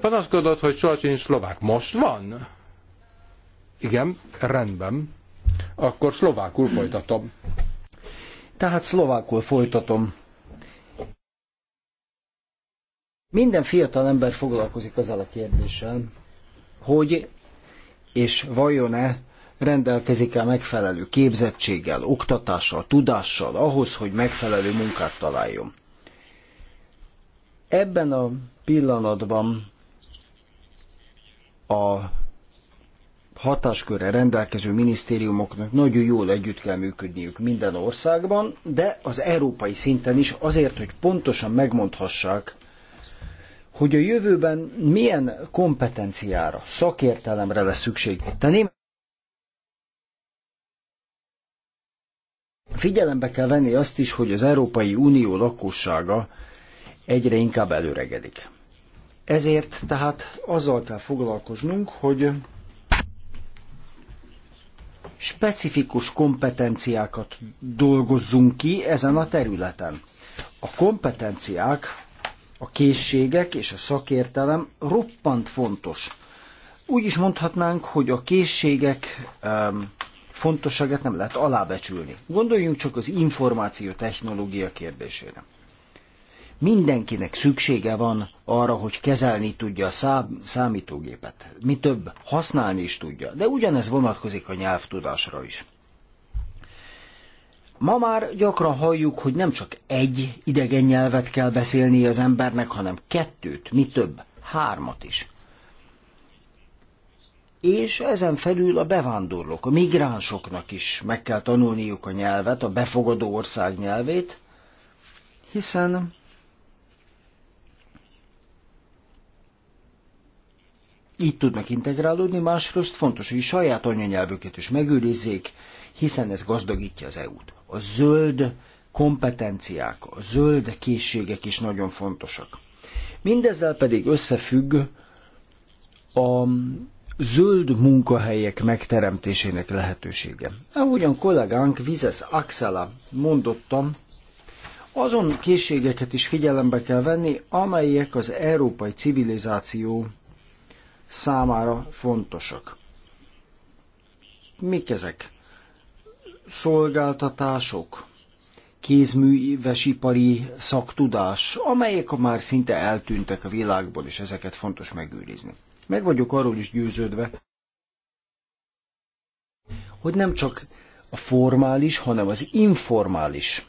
Panaszkodott, hogy soha sincs szlovák. Most van? Igen, rendben. Akkor szlovákul folytatom. Tehát szlovákul folytatom. Minden fiatal ember foglalkozik ezzel a kérdéssel, hogy és vajon-e rendelkezik-e megfelelő képzettséggel, oktatással, tudással ahhoz, hogy megfelelő munkát találjon. Ebben a pillanatban a hatáskörre rendelkező minisztériumoknak nagyon jól együtt kell működniük minden országban, de az európai szinten is azért, hogy pontosan megmondhassák, hogy a jövőben milyen kompetenciára, szakértelemre lesz szükség. De német Figyelembe kell venni azt is, hogy az Európai Unió lakossága egyre inkább előregedik. Ezért tehát azzal kell foglalkoznunk, hogy specifikus kompetenciákat dolgozzunk ki ezen a területen. A kompetenciák a készségek és a szakértelem roppant fontos. Úgy is mondhatnánk, hogy a készségek um, fontosságát nem lehet alábecsülni. Gondoljunk csak az információ technológia kérdésére. Mindenkinek szüksége van arra, hogy kezelni tudja a szám, számítógépet. Mi több, használni is tudja. De ugyanez vonatkozik a nyelvtudásra is. Ma már gyakran halljuk, hogy nem csak egy idegen nyelvet kell beszélni az embernek, hanem kettőt, mi több, hármat is. És ezen felül a bevándorlók, a migránsoknak is meg kell tanulniuk a nyelvet, a befogadó ország nyelvét, hiszen így tudnak integrálódni, másrészt fontos, hogy saját anyanyelvüket is megőrizzék, hiszen ez gazdagítja az EU-t. A zöld kompetenciák, a zöld készségek is nagyon fontosak. Mindezzel pedig összefügg a zöld munkahelyek megteremtésének lehetősége. Ahogyan kollégánk Vizes Axela mondottam, azon készségeket is figyelembe kell venni, amelyek az európai civilizáció számára fontosak. Mik ezek? szolgáltatások, kézműves ipari szaktudás, amelyek már szinte eltűntek a világból, és ezeket fontos megőrizni. Meg vagyok arról is győződve, hogy nem csak a formális, hanem az informális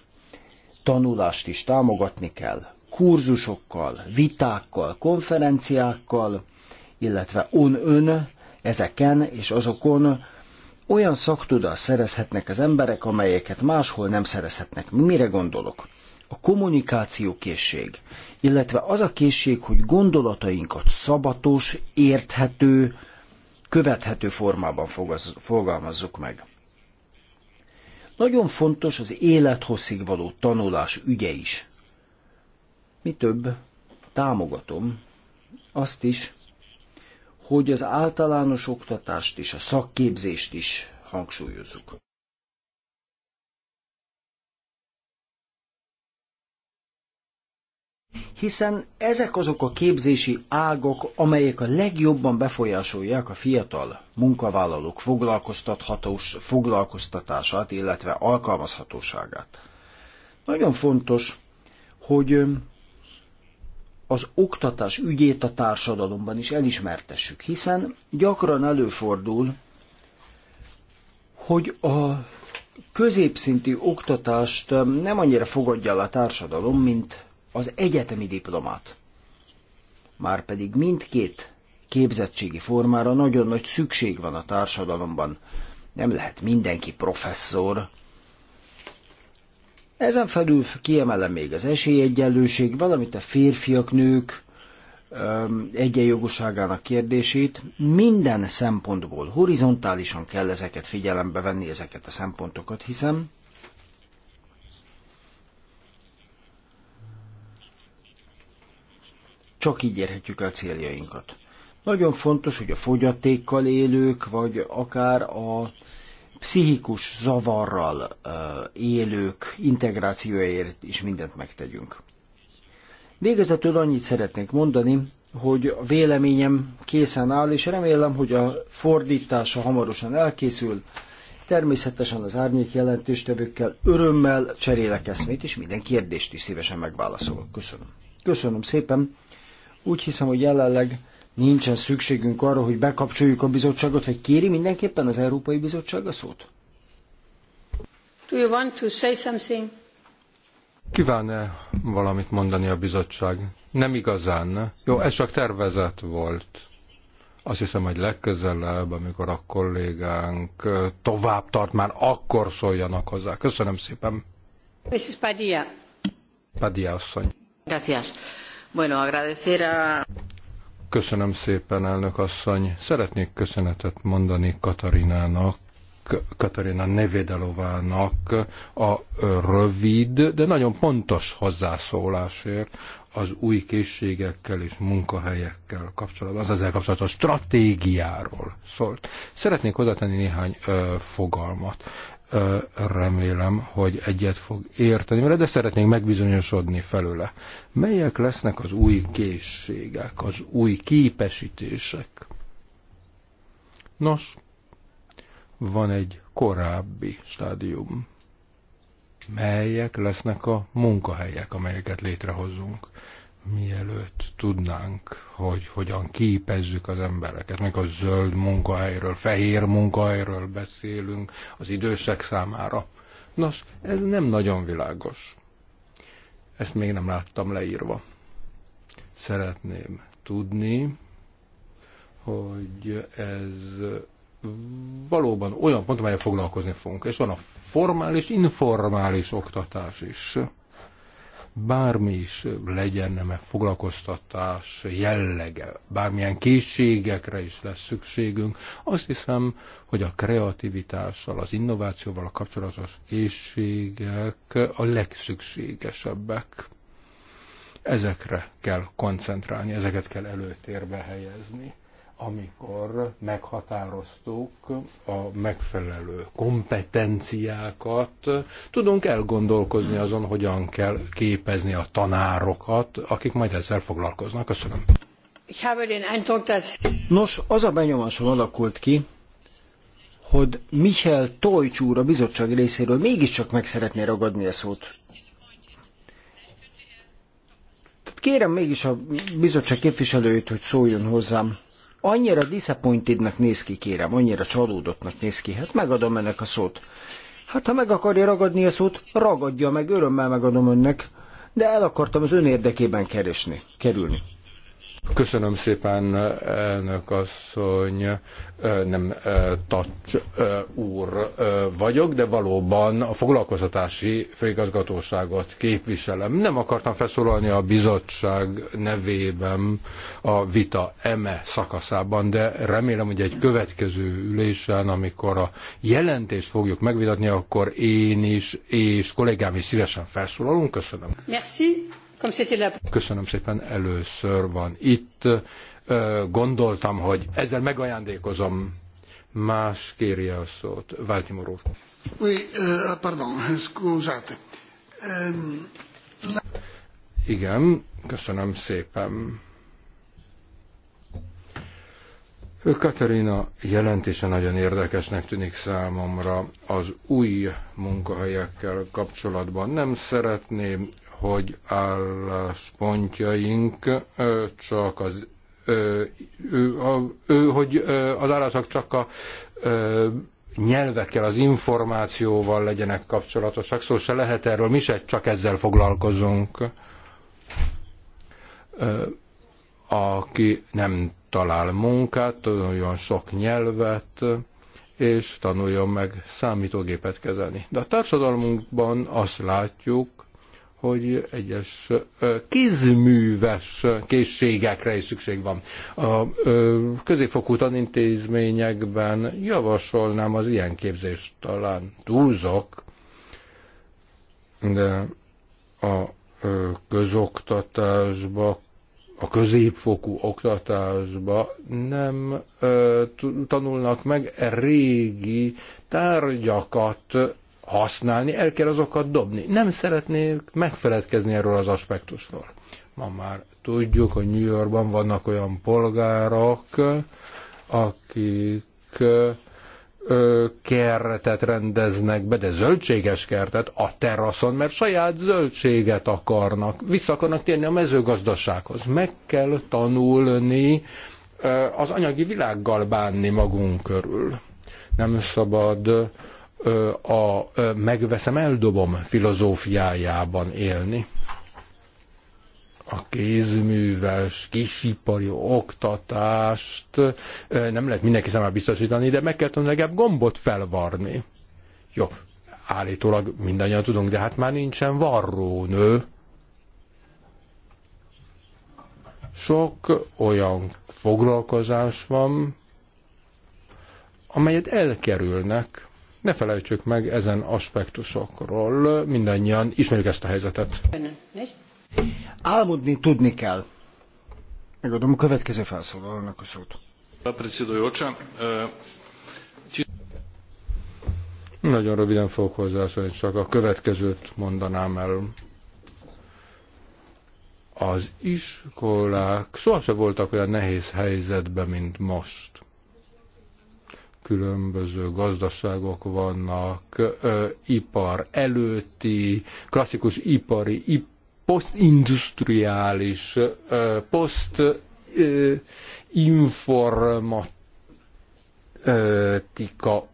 tanulást is támogatni kell. Kurzusokkal, vitákkal, konferenciákkal, illetve on-ön, ezeken és azokon olyan szaktudást szerezhetnek az emberek, amelyeket máshol nem szerezhetnek. Mire gondolok? A kommunikáció készség, illetve az a készség, hogy gondolatainkat szabatos, érthető, követhető formában fogalmazzuk meg. Nagyon fontos az élethosszig való tanulás ügye is. Mi több, támogatom azt is, hogy az általános oktatást és a szakképzést is hangsúlyozzuk. Hiszen ezek azok a képzési ágok, amelyek a legjobban befolyásolják a fiatal munkavállalók foglalkoztathatós, foglalkoztatását, illetve alkalmazhatóságát. Nagyon fontos, hogy az oktatás ügyét a társadalomban is elismertessük, hiszen gyakran előfordul, hogy a középszintű oktatást um, nem annyira fogadja el a társadalom, mint az egyetemi diplomát. Márpedig mindkét képzettségi formára nagyon nagy szükség van a társadalomban. Nem lehet mindenki professzor, ezen felül kiemelem még az esélyegyenlőség, valamint a férfiak-nők egyenjogoságának kérdését. Minden szempontból horizontálisan kell ezeket figyelembe venni, ezeket a szempontokat, hiszem. Csak így érhetjük el céljainkat. Nagyon fontos, hogy a fogyatékkal élők, vagy akár a pszichikus zavarral élők integrációjáért is mindent megtegyünk. Végezetül annyit szeretnék mondani, hogy a véleményem készen áll, és remélem, hogy a fordítása hamarosan elkészül. Természetesen az árnyék jelentéstevőkkel örömmel cserélek eszmét, és minden kérdést is szívesen megválaszolok. Köszönöm. Köszönöm szépen. Úgy hiszem, hogy jelenleg nincsen szükségünk arra, hogy bekapcsoljuk a bizottságot, vagy kéri mindenképpen az Európai Bizottság a szót? Do you want to say something? Kíván-e valamit mondani a bizottság? Nem igazán. Jó, ez csak tervezet volt. Azt hiszem, hogy legközelebb, amikor a kollégánk tovább tart, már akkor szóljanak hozzá. Köszönöm szépen. Mrs. Padilla. Padilla asszony. Gracias. Bueno, agradecer a... Köszönöm szépen, elnök asszony. Szeretnék köszönetet mondani Katarinának, Katarina Nevedelovának a rövid, de nagyon pontos hozzászólásért az új készségekkel és munkahelyekkel kapcsolatban, az ezzel kapcsolatos stratégiáról szólt. Szeretnék hozzátenni néhány ö, fogalmat remélem, hogy egyet fog érteni vele, de szeretnék megbizonyosodni felőle. Melyek lesznek az új készségek, az új képesítések? Nos, van egy korábbi stádium. Melyek lesznek a munkahelyek, amelyeket létrehozunk? mielőtt tudnánk, hogy hogyan képezzük az embereket, meg a zöld munkahelyről, fehér munkahelyről beszélünk az idősek számára. Nos, ez nem nagyon világos. Ezt még nem láttam leírva. Szeretném tudni, hogy ez valóban olyan pont, amelyel foglalkozni fogunk. És van a formális, informális oktatás is bármi is legyen, mert foglalkoztatás jellege, bármilyen készségekre is lesz szükségünk, azt hiszem, hogy a kreativitással, az innovációval a kapcsolatos készségek a legszükségesebbek. Ezekre kell koncentrálni, ezeket kell előtérbe helyezni amikor meghatároztuk a megfelelő kompetenciákat, tudunk elgondolkozni azon, hogyan kell képezni a tanárokat, akik majd ezzel foglalkoznak. Köszönöm. Nos, az a benyomásom alakult ki, hogy Michel Tojcs úr a bizottság részéről mégiscsak meg szeretné ragadni a szót. Tehát kérem mégis a bizottság képviselőjét, hogy szóljon hozzám. Annyira disappointednek néz ki, kérem, annyira csalódottnak néz ki. Hát megadom ennek a szót. Hát ha meg akarja ragadni a szót, ragadja meg, örömmel megadom önnek, de el akartam az ön érdekében keresni, kerülni. Köszönöm szépen, elnök asszony, nem Tacs úr vagyok, de valóban a foglalkoztatási főigazgatóságot képviselem. Nem akartam felszólalni a bizottság nevében a vita eme szakaszában, de remélem, hogy egy következő ülésen, amikor a jelentést fogjuk megvitatni, akkor én is és kollégám is szívesen felszólalunk. Köszönöm. Merci. Köszönöm szépen, először van itt. Gondoltam, hogy ezzel megajándékozom. Más kérje a szót. Váltimor úr. pardon, scusate. Igen, köszönöm szépen. Katerina jelentése nagyon érdekesnek tűnik számomra az új munkahelyekkel kapcsolatban. Nem szeretném hogy álláspontjaink csak az ő, hogy az állások csak a nyelvekkel, az információval legyenek kapcsolatosak, szó szóval se lehet erről, mi se csak ezzel foglalkozunk. Aki nem talál munkát, tanuljon sok nyelvet, és tanuljon meg számítógépet kezelni. De a társadalmunkban azt látjuk, hogy egyes kézműves készségekre is szükség van. A középfokú tanintézményekben javasolnám az ilyen képzést, talán túlzok, de a közoktatásba, a középfokú oktatásba nem tanulnak meg régi tárgyakat, használni, el kell azokat dobni. Nem szeretnék megfeledkezni erről az aspektusról. Ma már tudjuk, hogy New Yorkban vannak olyan polgárok, akik kertet rendeznek be, de zöldséges kertet a teraszon, mert saját zöldséget akarnak. Vissza akarnak térni a mezőgazdasághoz. Meg kell tanulni az anyagi világgal bánni magunk körül. Nem szabad a megveszem, eldobom filozófiájában élni. A kézműves, kisipari oktatást nem lehet mindenki számára biztosítani, de meg kell tudni legalább gombot felvarni. Jó, állítólag mindannyian tudunk, de hát már nincsen varrónő. Sok olyan foglalkozás van, amelyet elkerülnek, ne felejtsük meg ezen aspektusokról, mindannyian ismerjük ezt a helyzetet. Álmodni tudni kell. Megadom a következő felszólalónak a szót. E, Nagyon röviden fogok hozzászólni, csak a következőt mondanám el. Az iskolák sohasem voltak olyan nehéz helyzetben, mint most különböző gazdaságok vannak, ipar előtti, klasszikus ipari, ip, posztindustriális, posztinformatika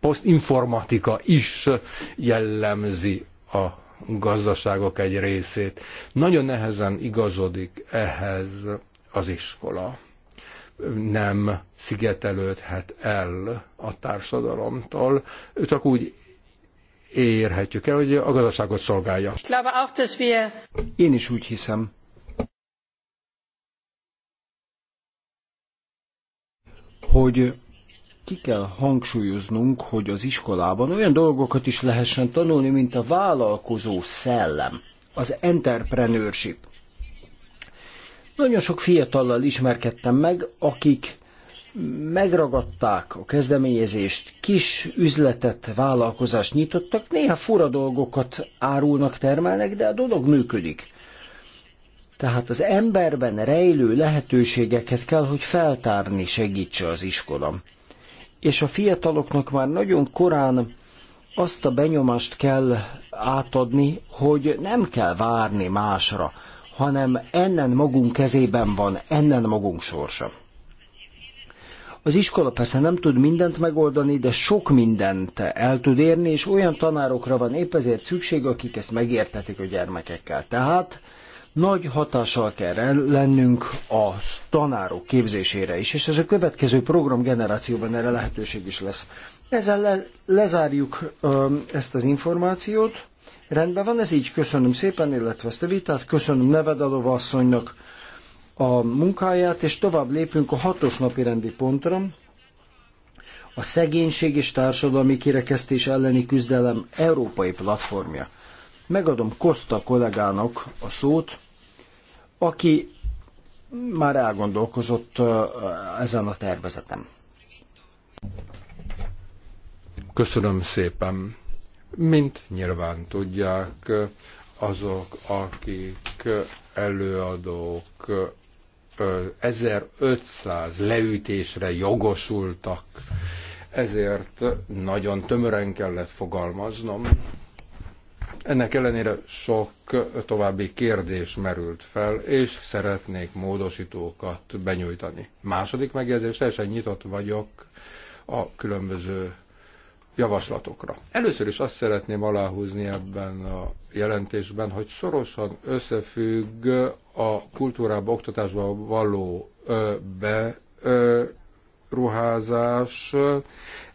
posztinformatika is jellemzi a gazdaságok egy részét. Nagyon nehezen igazodik ehhez az iskola nem szigetelődhet el a társadalomtól, csak úgy érhetjük el, hogy a gazdaságot szolgálja. Én is úgy hiszem. hogy ki kell hangsúlyoznunk, hogy az iskolában olyan dolgokat is lehessen tanulni, mint a vállalkozó szellem, az entrepreneurship. Nagyon sok fiatallal ismerkedtem meg, akik megragadták a kezdeményezést, kis üzletet, vállalkozást nyitottak, néha fura dolgokat árulnak, termelnek, de a dolog működik. Tehát az emberben rejlő lehetőségeket kell, hogy feltárni segítse az iskola. És a fiataloknak már nagyon korán azt a benyomást kell átadni, hogy nem kell várni másra, hanem ennen magunk kezében van, ennen magunk sorsa. Az iskola persze nem tud mindent megoldani, de sok mindent el tud érni, és olyan tanárokra van épp ezért szükség, akik ezt megértetik a gyermekekkel. Tehát nagy hatással kell lennünk a tanárok képzésére is, és ez a következő program generációban erre lehetőség is lesz. Ezzel le, lezárjuk um, ezt az információt, Rendben van ez így, köszönöm szépen, illetve ezt a vitát, köszönöm Nevedalova asszonynak a munkáját, és tovább lépünk a hatos napi rendi pontra. A szegénység és társadalmi kirekesztés elleni küzdelem európai platformja. Megadom Kosta kollégának a szót, aki már elgondolkozott ezen a tervezetem. Köszönöm szépen. Mint nyilván tudják, azok, akik előadók 1500 leütésre jogosultak. Ezért nagyon tömören kellett fogalmaznom. Ennek ellenére sok további kérdés merült fel, és szeretnék módosítókat benyújtani. Második megjegyzés, teljesen nyitott vagyok a különböző javaslatokra. Először is azt szeretném aláhúzni ebben a jelentésben, hogy szorosan összefügg a kultúrába, oktatásba való beruházás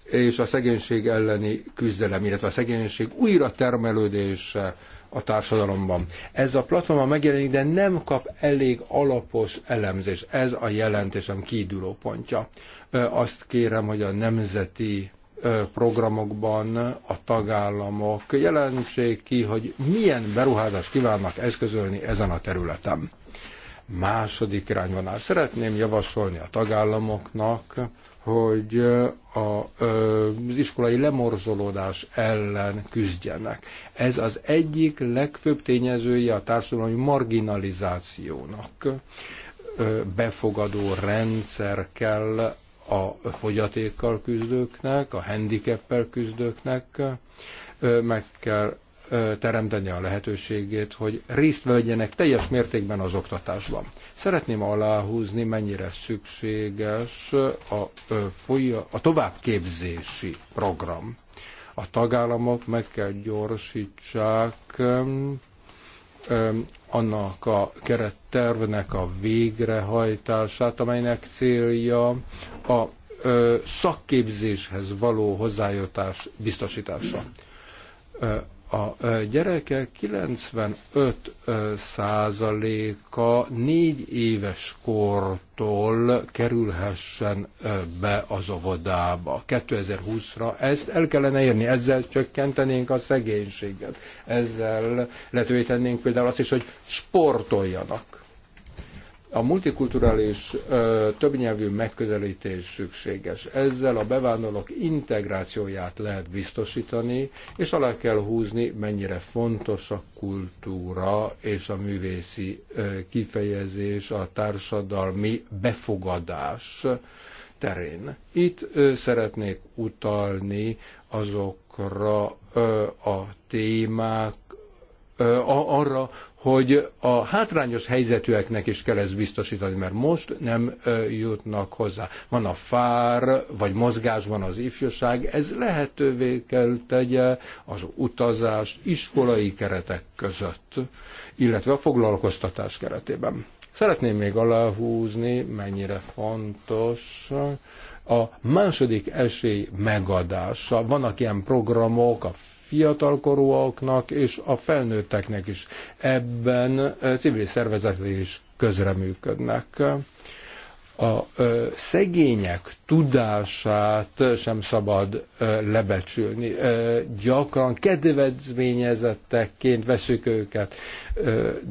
és a szegénység elleni küzdelem, illetve a szegénység újra termelődése a társadalomban. Ez a platforma megjelenik, de nem kap elég alapos elemzés. Ez a jelentésem kiduló pontja. Azt kérem, hogy a nemzeti programokban a tagállamok jelentsék ki, hogy milyen beruházást kívánnak eszközölni ezen a területen. Második irányvonal. Szeretném javasolni a tagállamoknak, hogy a, az iskolai lemorzsolódás ellen küzdjenek. Ez az egyik legfőbb tényezője a társadalmi marginalizációnak. Befogadó rendszer kell a fogyatékkal küzdőknek, a handicappel küzdőknek meg kell teremteni a lehetőségét, hogy részt vegyenek teljes mértékben az oktatásban. Szeretném aláhúzni, mennyire szükséges a, folya, a továbbképzési program. A tagállamok meg kell gyorsítsák annak a kerettervnek a végrehajtását, amelynek célja a szakképzéshez való hozzájutás biztosítása. A gyerekek 95 százaléka négy éves kortól kerülhessen be az óvodába. 2020-ra ezt el kellene érni, ezzel csökkentenénk a szegénységet, ezzel lehetővé tennénk például azt is, hogy sportoljanak a multikulturális többnyelvű megközelítés szükséges. Ezzel a bevándorlók integrációját lehet biztosítani, és alá kell húzni, mennyire fontos a kultúra és a művészi kifejezés, a társadalmi befogadás terén. Itt szeretnék utalni azokra a témák, arra, hogy a hátrányos helyzetűeknek is kell ezt biztosítani, mert most nem jutnak hozzá. Van a fár, vagy mozgás van az ifjúság, ez lehetővé kell tegye az utazást iskolai keretek között, illetve a foglalkoztatás keretében. Szeretném még aláhúzni, mennyire fontos a második esély megadása. Vannak ilyen programok, a fiatalkorúaknak és a felnőtteknek is. Ebben civil szervezetek is közreműködnek. A szegények tudását sem szabad lebecsülni. Gyakran kedvezményezettekként veszük őket,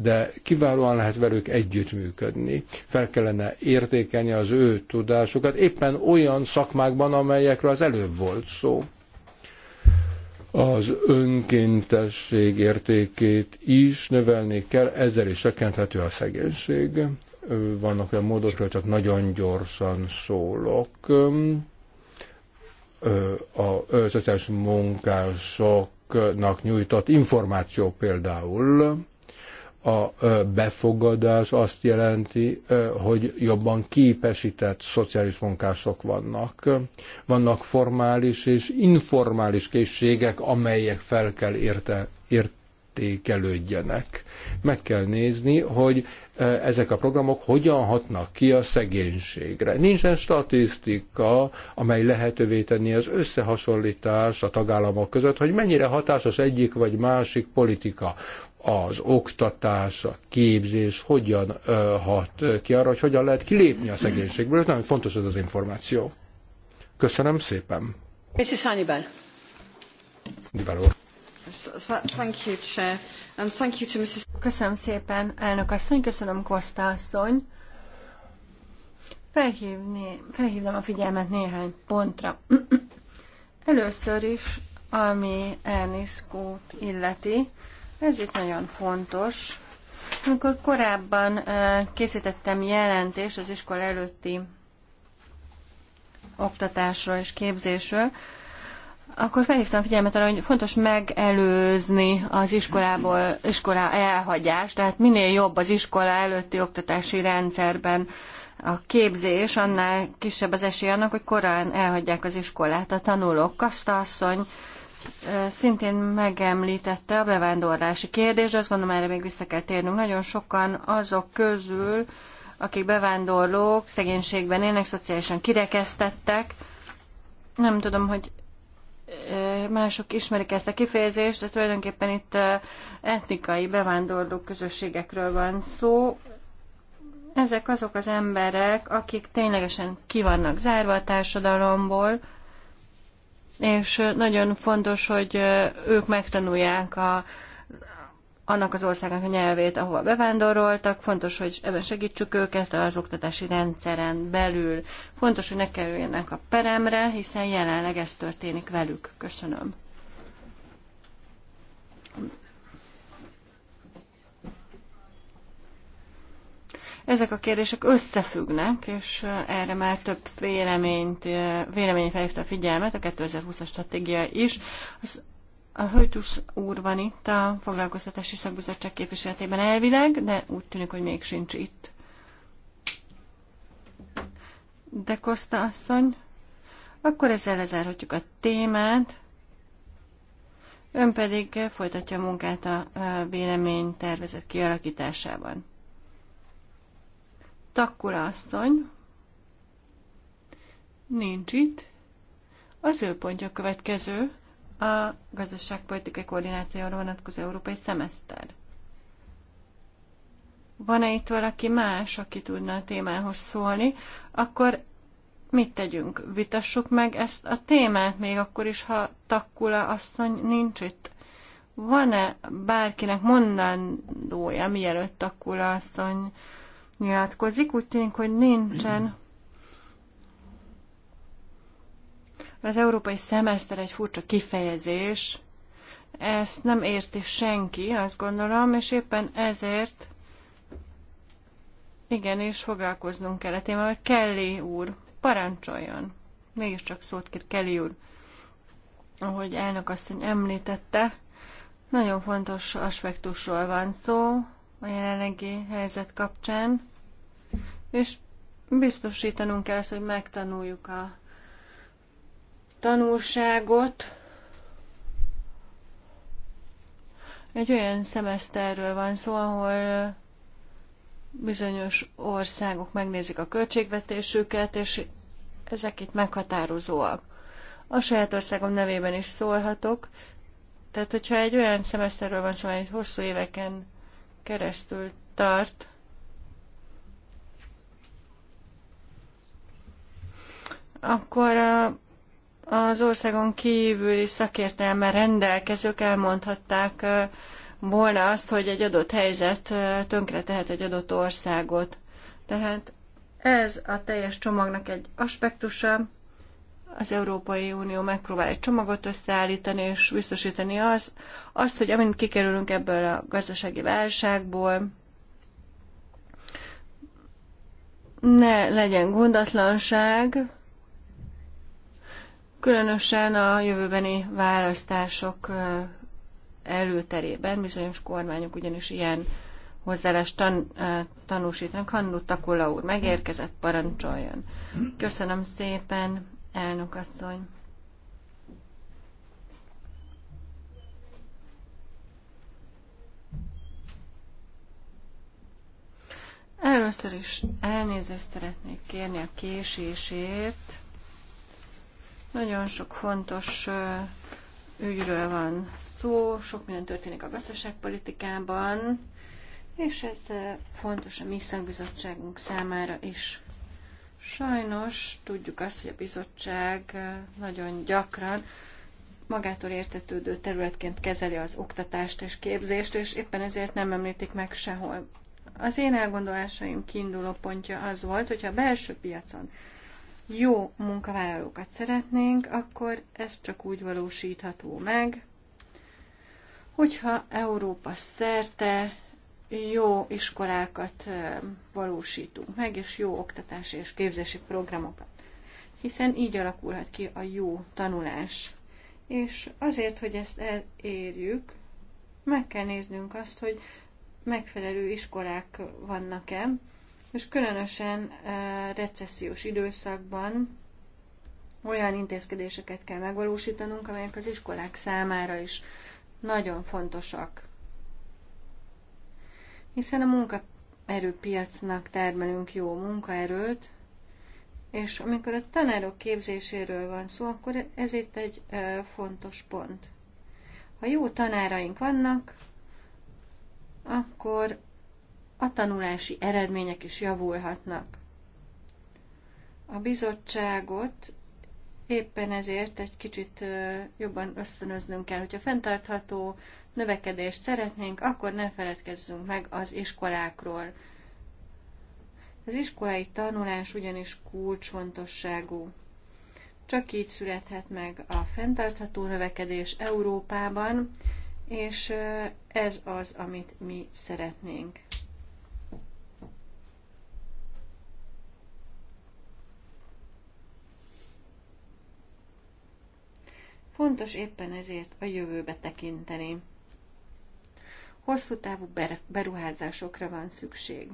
de kiválóan lehet velük együttműködni. Fel kellene értékelni az ő tudásukat éppen olyan szakmákban, amelyekről az előbb volt szó az önkéntesség értékét is növelni kell, ezzel is csökkenthető a szegénység. Vannak olyan hogy csak nagyon gyorsan szólok. A szociális munkásoknak nyújtott információ például a befogadás azt jelenti, hogy jobban képesített szociális munkások vannak. Vannak formális és informális készségek, amelyek fel kell érte, értékelődjenek. Meg kell nézni, hogy ezek a programok hogyan hatnak ki a szegénységre. Nincsen statisztika, amely lehetővé tenni az összehasonlítás a tagállamok között, hogy mennyire hatásos egyik vagy másik politika az oktatás, a képzés hogyan hat ki arra, hogy hogyan lehet kilépni a szegénységből. Nagyon fontos ez az információ. Köszönöm szépen. Mrs. Hannibal. Diváló. Thank you, Chair. And thank you to Mrs. Köszönöm szépen, elnök asszony, köszönöm Kosta asszony. Felhívni, felhívnám a figyelmet néhány pontra. Először is, ami Erniszkót illeti, ez itt nagyon fontos. Amikor korábban eh, készítettem jelentést az iskola előtti oktatásról és képzésről, akkor felhívtam figyelmet arra, hogy fontos megelőzni az iskolából iskola elhagyást, tehát minél jobb az iskola előtti oktatási rendszerben a képzés, annál kisebb az esély annak, hogy korán elhagyják az iskolát a tanulók. Kasztasszony, asszony szintén megemlítette a bevándorlási kérdést, azt gondolom erre még vissza kell térnünk. Nagyon sokan azok közül, akik bevándorlók, szegénységben élnek, szociálisan kirekesztettek. Nem tudom, hogy mások ismerik ezt a kifejezést, de tulajdonképpen itt etnikai bevándorló közösségekről van szó. Ezek azok az emberek, akik ténylegesen ki vannak zárva a társadalomból, és nagyon fontos, hogy ők megtanulják a, annak az országnak a nyelvét, ahova bevándoroltak, fontos, hogy ebben segítsük őket az oktatási rendszeren belül. Fontos, hogy ne kerüljenek a peremre, hiszen jelenleg ez történik velük. Köszönöm. Ezek a kérdések összefüggnek, és eh, erre már több véleményt, eh, vélemény felhívta a figyelmet, a 2020-as stratégia is. Az a Hőtus úr van itt a foglalkoztatási szakbizottság képviseletében elvileg, de úgy tűnik, hogy még sincs itt. De Kosta asszony, akkor ezzel lezárhatjuk a témát. Ön pedig eh, folytatja a munkát a vélemény tervezet kialakításában. Takkula asszony nincs itt. Az ő pontja következő, a gazdaságpolitikai koordinációra vonatkozó európai szemeszter. Van-e itt valaki más, aki tudna a témához szólni, akkor mit tegyünk? Vitassuk meg ezt a témát, még akkor is, ha Takkula asszony nincs itt. Van-e bárkinek mondandója, mielőtt Takkula asszony nyilatkozik. Úgy tűnik, hogy nincsen. Az európai szemeszter egy furcsa kifejezés. Ezt nem érti senki, azt gondolom, és éppen ezért igenis foglalkoznunk kell a témával. Kelly úr, parancsoljon! Mégiscsak szót kér Kelly úr. Ahogy elnök asszony említette, nagyon fontos aspektusról van szó, a jelenlegi helyzet kapcsán, és biztosítanunk kell hogy megtanuljuk a tanulságot. Egy olyan szemeszterről van szó, ahol bizonyos országok megnézik a költségvetésüket, és ezek itt meghatározóak. A saját országom nevében is szólhatok, tehát hogyha egy olyan szemeszterről van szó, egy hosszú éveken keresztül tart. Akkor a, az országon kívüli szakértelme rendelkezők elmondhatták volna azt, hogy egy adott helyzet tehet egy adott országot. Tehát ez a teljes csomagnak egy aspektusa, az Európai Unió megpróbál egy csomagot összeállítani és biztosítani az, azt, hogy amint kikerülünk ebből a gazdasági válságból, ne legyen gondatlanság, különösen a jövőbeni választások előterében bizonyos kormányok ugyanis ilyen hozzáállást tan, tanúsítanak. Hannu Takula úr megérkezett, parancsoljon. Köszönöm szépen, elnök asszony. Először is elnézést szeretnék kérni a késésért. Nagyon sok fontos ügyről van szó, sok minden történik a gazdaságpolitikában, és ez fontos a mi szakbizottságunk számára is. Sajnos tudjuk azt, hogy a bizottság eh, nagyon gyakran magától értetődő területként kezeli az oktatást és képzést, és éppen ezért nem említik meg sehol. Az én elgondolásaim kiinduló pontja az volt, hogyha a belső piacon jó munkavállalókat szeretnénk, akkor ez csak úgy valósítható meg, hogyha Európa szerte jó iskolákat valósítunk meg, és jó oktatási és képzési programokat. Hiszen így alakulhat ki a jó tanulás. És azért, hogy ezt elérjük, meg kell néznünk azt, hogy megfelelő iskolák vannak-e, és különösen recessziós időszakban olyan intézkedéseket kell megvalósítanunk, amelyek az iskolák számára is nagyon fontosak hiszen a munkaerőpiacnak termelünk jó munkaerőt, és amikor a tanárok képzéséről van szó, akkor ez itt egy fontos pont. Ha jó tanáraink vannak, akkor a tanulási eredmények is javulhatnak. A bizottságot Éppen ezért egy kicsit jobban ösztönöznünk kell, hogyha fenntartható növekedést szeretnénk, akkor ne feledkezzünk meg az iskolákról. Az iskolai tanulás ugyanis kulcsfontosságú. Csak így születhet meg a fenntartható növekedés Európában, és ez az, amit mi szeretnénk. Fontos éppen ezért a jövőbe tekinteni. Hosszú távú beruházásokra van szükség.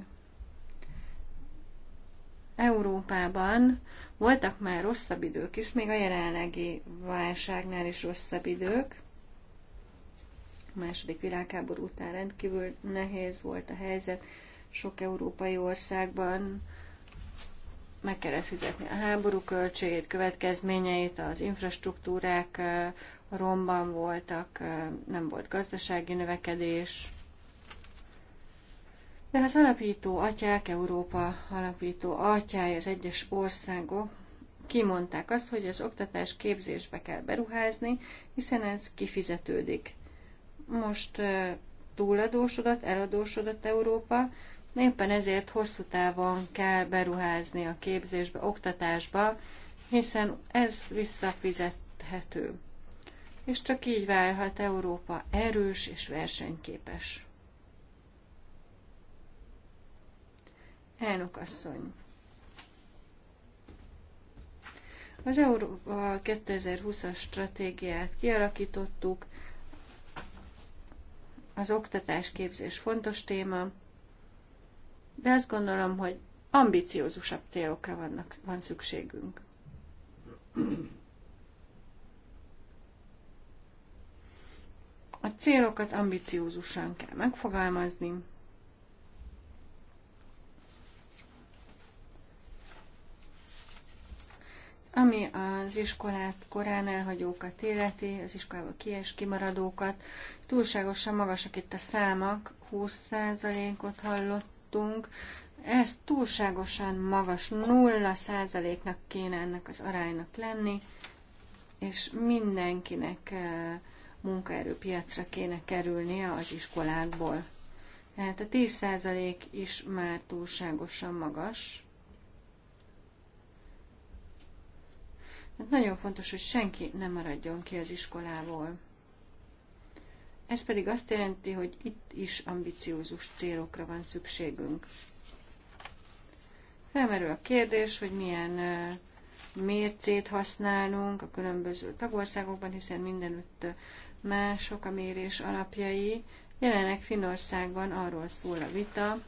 Európában voltak már rosszabb idők is, még a jelenlegi válságnál is rosszabb idők. A második világháború után rendkívül nehéz volt a helyzet sok európai országban, meg kellett fizetni a háború költségét, következményeit, az infrastruktúrák romban voltak, nem volt gazdasági növekedés. De az hát alapító atyák, Európa alapító atyája, az egyes országok kimondták azt, hogy az oktatás képzésbe kell beruházni, hiszen ez kifizetődik. Most túladósodott, eladósodott Európa, Éppen ezért hosszú távon kell beruházni a képzésbe, oktatásba, hiszen ez visszafizethető. És csak így válhat Európa erős és versenyképes. Elnök asszony. Az Európa 2020-as stratégiát kialakítottuk, az oktatás képzés fontos téma, de azt gondolom, hogy ambiciózusabb célokra vannak, van szükségünk. A célokat ambiciózusan kell megfogalmazni, ami az iskolát korán elhagyókat életi, az iskolából kies kimaradókat, túlságosan magasak itt a számak, 20%-ot hallott jutottunk, ez túlságosan magas, 0%-nak kéne ennek az aránynak lenni, és mindenkinek eh, munkaerőpiacra kéne kerülnie az iskolákból. Tehát a 10% is már túlságosan magas. Tehát nagyon fontos, hogy senki nem maradjon ki az iskolából. Ez pedig azt jelenti, hogy itt is ambiciózus célokra van szükségünk. Felmerül a kérdés, hogy milyen mércét használunk a különböző tagországokban, hiszen mindenütt mások a mérés alapjai. Jelenleg Finországban arról szól a vita,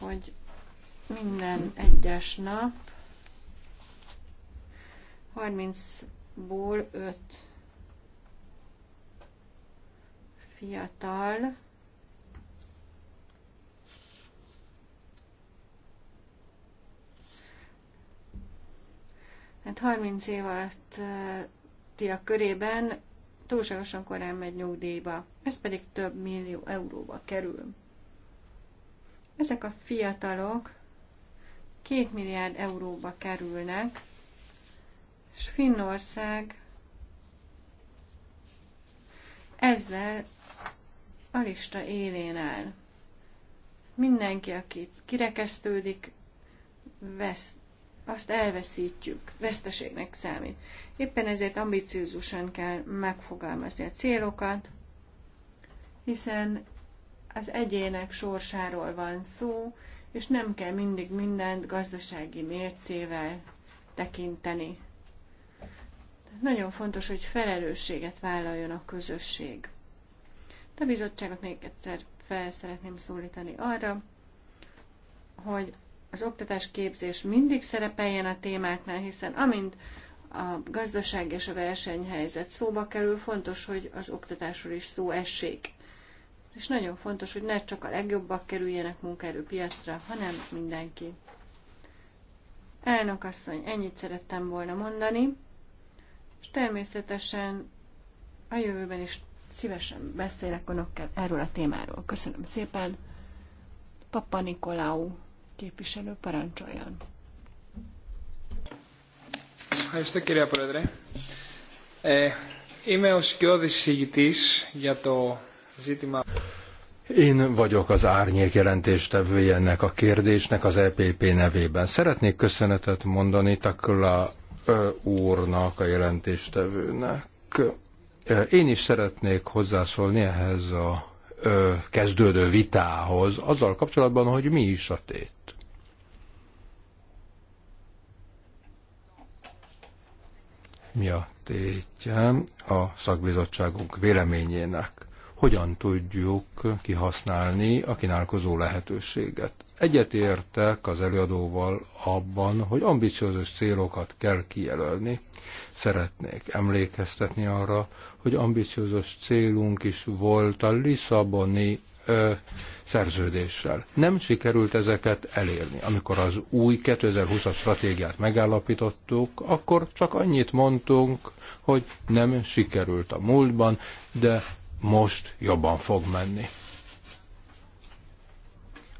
hogy minden egyes nap 30-ból 5 fiatal Hát 30 év alatt a körében túlságosan korán megy nyugdíjba, ez pedig több millió euróba kerül. Ezek a fiatalok 2 milliárd euróba kerülnek, és Finnország ezzel a lista élén áll. Mindenki, aki kirekesztődik, vesz, azt elveszítjük, veszteségnek számít. Éppen ezért ambiciózusan kell megfogalmazni a célokat, hiszen az egyének sorsáról van szó, és nem kell mindig mindent gazdasági mércével tekinteni. Nagyon fontos, hogy felelősséget vállaljon a közösség. A bizottságot még egyszer fel szeretném szólítani arra, hogy az oktatás képzés mindig szerepeljen a témáknál, hiszen amint a gazdaság és a versenyhelyzet szóba kerül, fontos, hogy az oktatásról is szó essék. És nagyon fontos, hogy ne csak a legjobbak kerüljenek munkaerőpiacra, hanem mindenki. Elnök asszony, ennyit szerettem volna mondani, és természetesen a jövőben is Szívesen beszélek önökkel erről a témáról. Köszönöm szépen. Papa Nikolau képviselő parancsoljon. Ευχαριστώ κυρία Πρόεδρε. Ε, είμαι ο σκιώδης Én vagyok az árnyék jelentéstevője ennek a kérdésnek az EPP nevében. Szeretnék köszönetet mondani Takla úrnak, a jelentéstevőnek. Én is szeretnék hozzászólni ehhez a kezdődő vitához, azzal kapcsolatban, hogy mi is a tét. Mi a tétje a szakbizottságunk véleményének? Hogyan tudjuk kihasználni a kínálkozó lehetőséget? Egyetértek az előadóval abban, hogy ambiciózus célokat kell kijelölni. Szeretnék emlékeztetni arra, hogy ambiciózus célunk is volt a Lisszaboni ö, szerződéssel. Nem sikerült ezeket elérni. Amikor az új 2020-as stratégiát megállapítottuk, akkor csak annyit mondtunk, hogy nem sikerült a múltban, de most jobban fog menni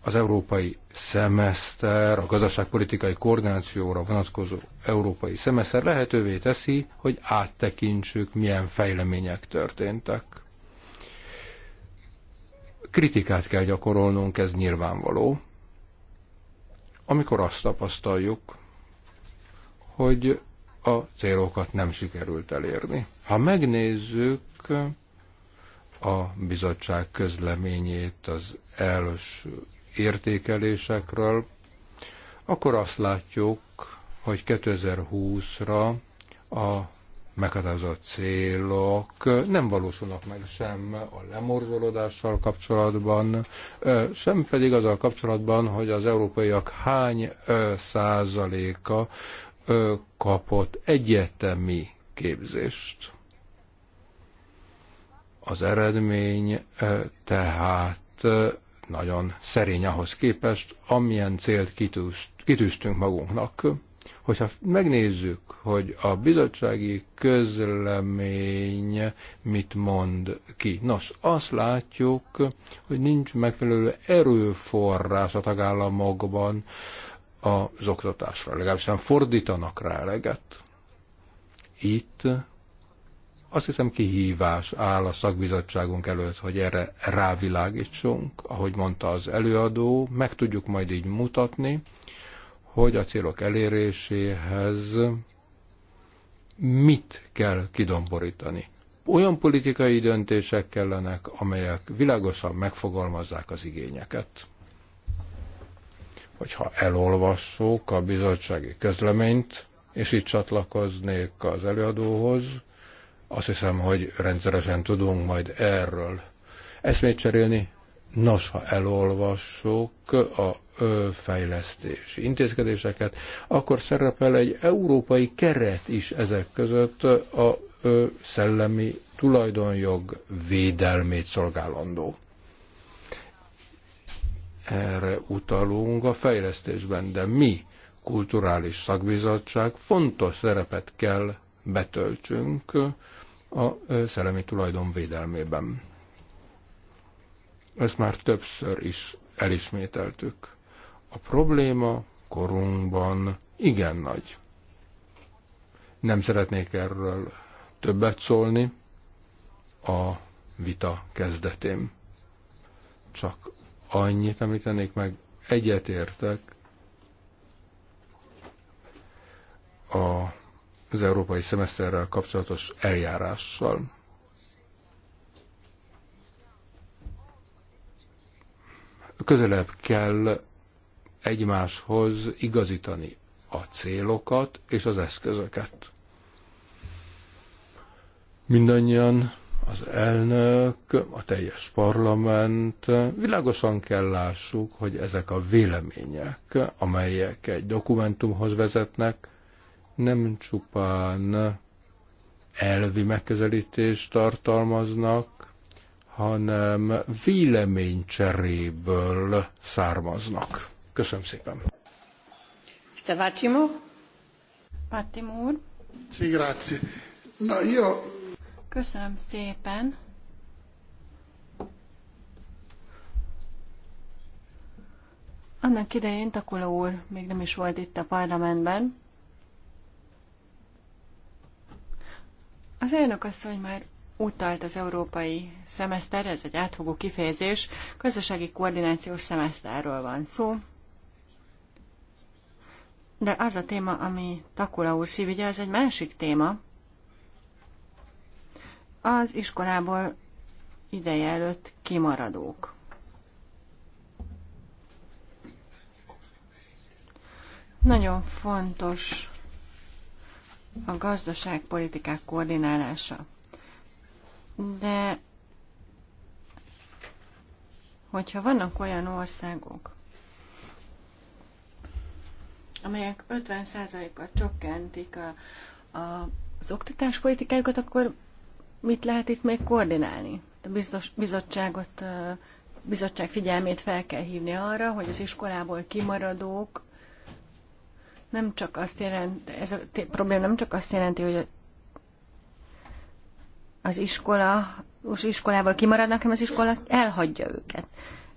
az európai szemeszter, a gazdaságpolitikai koordinációra vonatkozó európai szemeszter lehetővé teszi, hogy áttekintsük, milyen fejlemények történtek. Kritikát kell gyakorolnunk, ez nyilvánvaló. Amikor azt tapasztaljuk, hogy a célokat nem sikerült elérni. Ha megnézzük a bizottság közleményét az első értékelésekről, akkor azt látjuk, hogy 2020-ra a meghatározott célok nem valósulnak meg sem a lemorzsolódással kapcsolatban, sem pedig azzal kapcsolatban, hogy az európaiak hány százaléka kapott egyetemi képzést. Az eredmény tehát nagyon szerény ahhoz képest, amilyen célt kitűztünk magunknak. Hogyha megnézzük, hogy a bizottsági közlemény mit mond ki. Nos, azt látjuk, hogy nincs megfelelő erőforrás a tagállamokban az oktatásra, legalábbis nem fordítanak rá eleget. Itt azt hiszem kihívás áll a szakbizottságunk előtt, hogy erre rávilágítsunk, ahogy mondta az előadó, meg tudjuk majd így mutatni, hogy a célok eléréséhez mit kell kidomborítani. Olyan politikai döntések kellenek, amelyek világosan megfogalmazzák az igényeket. Hogyha elolvassuk a bizottsági közleményt, és itt csatlakoznék az előadóhoz, azt hiszem, hogy rendszeresen tudunk majd erről eszmét cserélni. Nos, ha elolvassuk a fejlesztési intézkedéseket, akkor szerepel egy európai keret is ezek között a szellemi tulajdonjog védelmét szolgálandó. Erre utalunk a fejlesztésben, de mi, kulturális szakbizottság, fontos szerepet kell betöltsünk a szellemi tulajdon védelmében. Ezt már többször is elismételtük. A probléma korunkban igen nagy. Nem szeretnék erről többet szólni a vita kezdetén. Csak annyit említenék meg, egyetértek a az európai szemeszterrel kapcsolatos eljárással. Közelebb kell egymáshoz igazítani a célokat és az eszközöket. Mindannyian, az elnök, a teljes parlament, világosan kell lássuk, hogy ezek a vélemények, amelyek egy dokumentumhoz vezetnek, nem csupán elvi megközelítést tartalmaznak, hanem véleménycseréből származnak. Köszönöm szépen. Te Vátimo? Vátimo úr? Sí, grazie. Na, jó. Köszönöm szépen. Annak idején Takula úr még nem is volt itt a parlamentben, Az elnök asszony már utalt az európai szemeszter, ez egy átfogó kifejezés, közösségi koordinációs szemeszterről van szó. De az a téma, ami Takula úr szívügye, az egy másik téma. Az iskolából ideje előtt kimaradók. Nagyon fontos a gazdaságpolitikák koordinálása. De hogyha vannak olyan országok, amelyek 50%-kal csökkentik a, a, az oktatáspolitikájukat, akkor mit lehet itt még koordinálni? A biztos, bizottságot, bizottság figyelmét fel kell hívni arra, hogy az iskolából kimaradók nem csak azt jelent, ez a probléma nem csak azt jelenti, hogy az iskola, az iskolával kimaradnak, hanem az iskola elhagyja őket.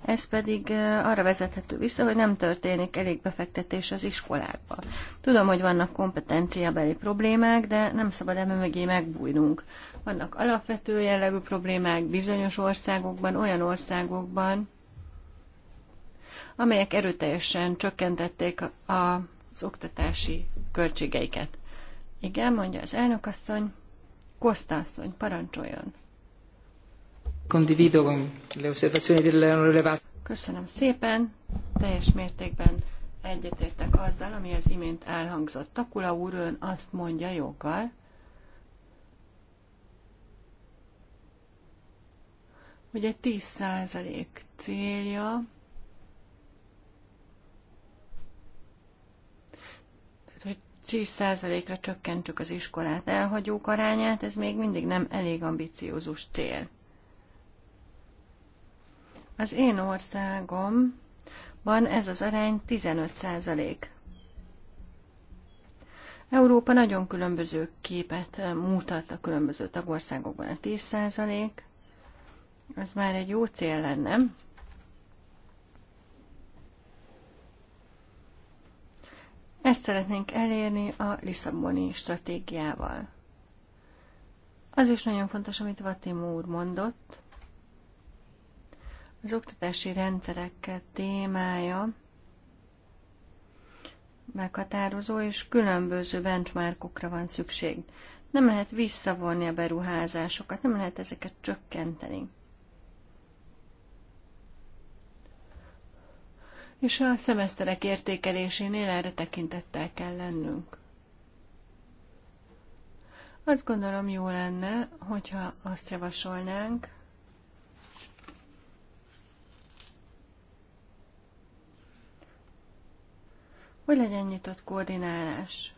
Ez pedig arra vezethető vissza, hogy nem történik elég befektetés az iskolákba. Tudom, hogy vannak kompetenciabeli problémák, de nem szabad ebben mögé megbújnunk. Vannak alapvető jellegű problémák bizonyos országokban, olyan országokban, amelyek erőteljesen csökkentették a az oktatási költségeiket. Igen, mondja az elnökasszony. Kostászony, asszony, parancsoljon. Condivido le osservazioni dell'onorevole Köszönöm szépen. Teljes mértékben egyetértek azzal, ami az imént elhangzott. Takula úr ön azt mondja joggal, hogy egy 10% célja 10%-ra csökkentsük az iskolát elhagyók arányát, ez még mindig nem elég ambiciózus cél. Az én országomban ez az arány 15%. Európa nagyon különböző képet mutat a különböző tagországokban a 10%. Ez már egy jó cél lenne, Ezt szeretnénk elérni a Lisszaboni stratégiával. Az is nagyon fontos, amit Vatim úr mondott. Az oktatási rendszerek témája meghatározó, és különböző benchmarkokra van szükség. Nem lehet visszavonni a beruházásokat, nem lehet ezeket csökkenteni. és a szemeszterek értékelésénél erre tekintettel kell lennünk. Azt gondolom jó lenne, hogyha azt javasolnánk, hogy legyen nyitott koordinálás.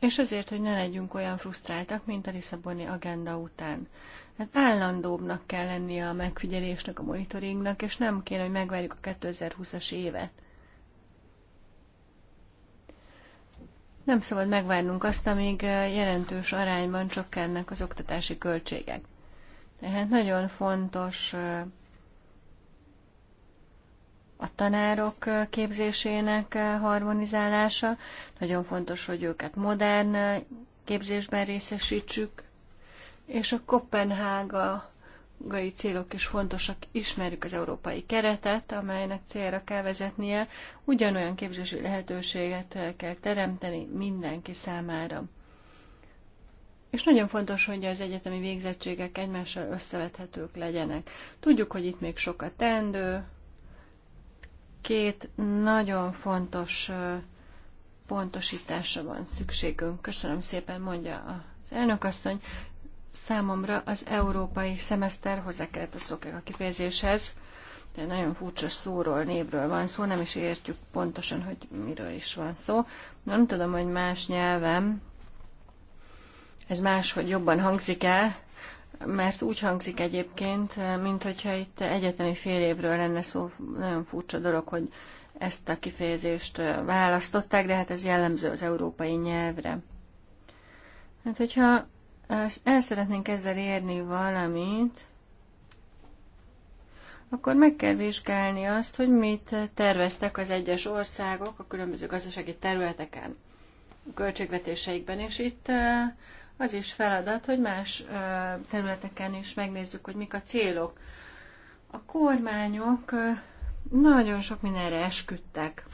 És azért, hogy ne legyünk olyan frusztráltak, mint a Lisszaboni agenda után. Tehát állandóbbnak kell lennie a megfigyelésnek, a monitoringnak, és nem kéne, hogy megvárjuk a 2020-as évet. Nem szabad megvárnunk azt, amíg jelentős arányban csökkennek az oktatási költségek. Tehát nagyon fontos a tanárok képzésének harmonizálása, nagyon fontos, hogy őket modern képzésben részesítsük, és a Kopenhága gai célok is fontosak, ismerjük az európai keretet, amelynek célra kell vezetnie, ugyanolyan képzési lehetőséget kell teremteni mindenki számára. És nagyon fontos, hogy az egyetemi végzettségek egymással összevethetők legyenek. Tudjuk, hogy itt még sok a teendő. Két nagyon fontos pontosításra van szükségünk. Köszönöm szépen, mondja az elnökasszony. Számomra az európai szemeszter hozzá kellett a szokek a kifejezéshez, de nagyon furcsa szóról, névről van szó, nem is értjük pontosan, hogy miről is van szó. Nem tudom, hogy más nyelvem, ez más, hogy jobban hangzik el, mert úgy hangzik egyébként, mint hogyha itt egyetemi fél évről lenne szó, nagyon furcsa dolog, hogy ezt a kifejezést választották, de hát ez jellemző az európai nyelvre. Hát hogyha el szeretnénk ezzel érni valamit, akkor meg kell vizsgálni azt, hogy mit terveztek az egyes országok a különböző gazdasági területeken, a költségvetéseikben, és itt az is feladat, hogy más területeken is megnézzük, hogy mik a célok. A kormányok nagyon sok mindenre esküdtek.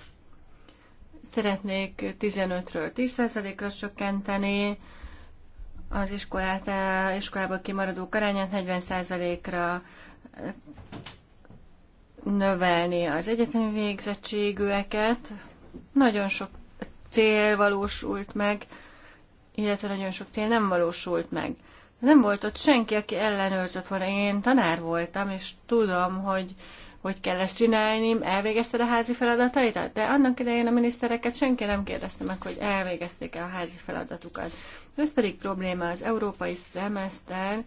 Szeretnék 15-ről 10%-ra csökkenteni, az iskolát, iskolából kimaradók arányát 40%-ra növelni az egyetemi végzettségűeket. Nagyon sok cél valósult meg, illetve nagyon sok cél nem valósult meg. Nem volt ott senki, aki ellenőrzött volna. Én tanár voltam, és tudom, hogy hogy kell ezt csinálni, elvégezted a házi feladatait? De annak idején a minisztereket senki nem kérdezte meg, hogy elvégezték-e a házi feladatukat. Ez pedig probléma, az európai szemeszter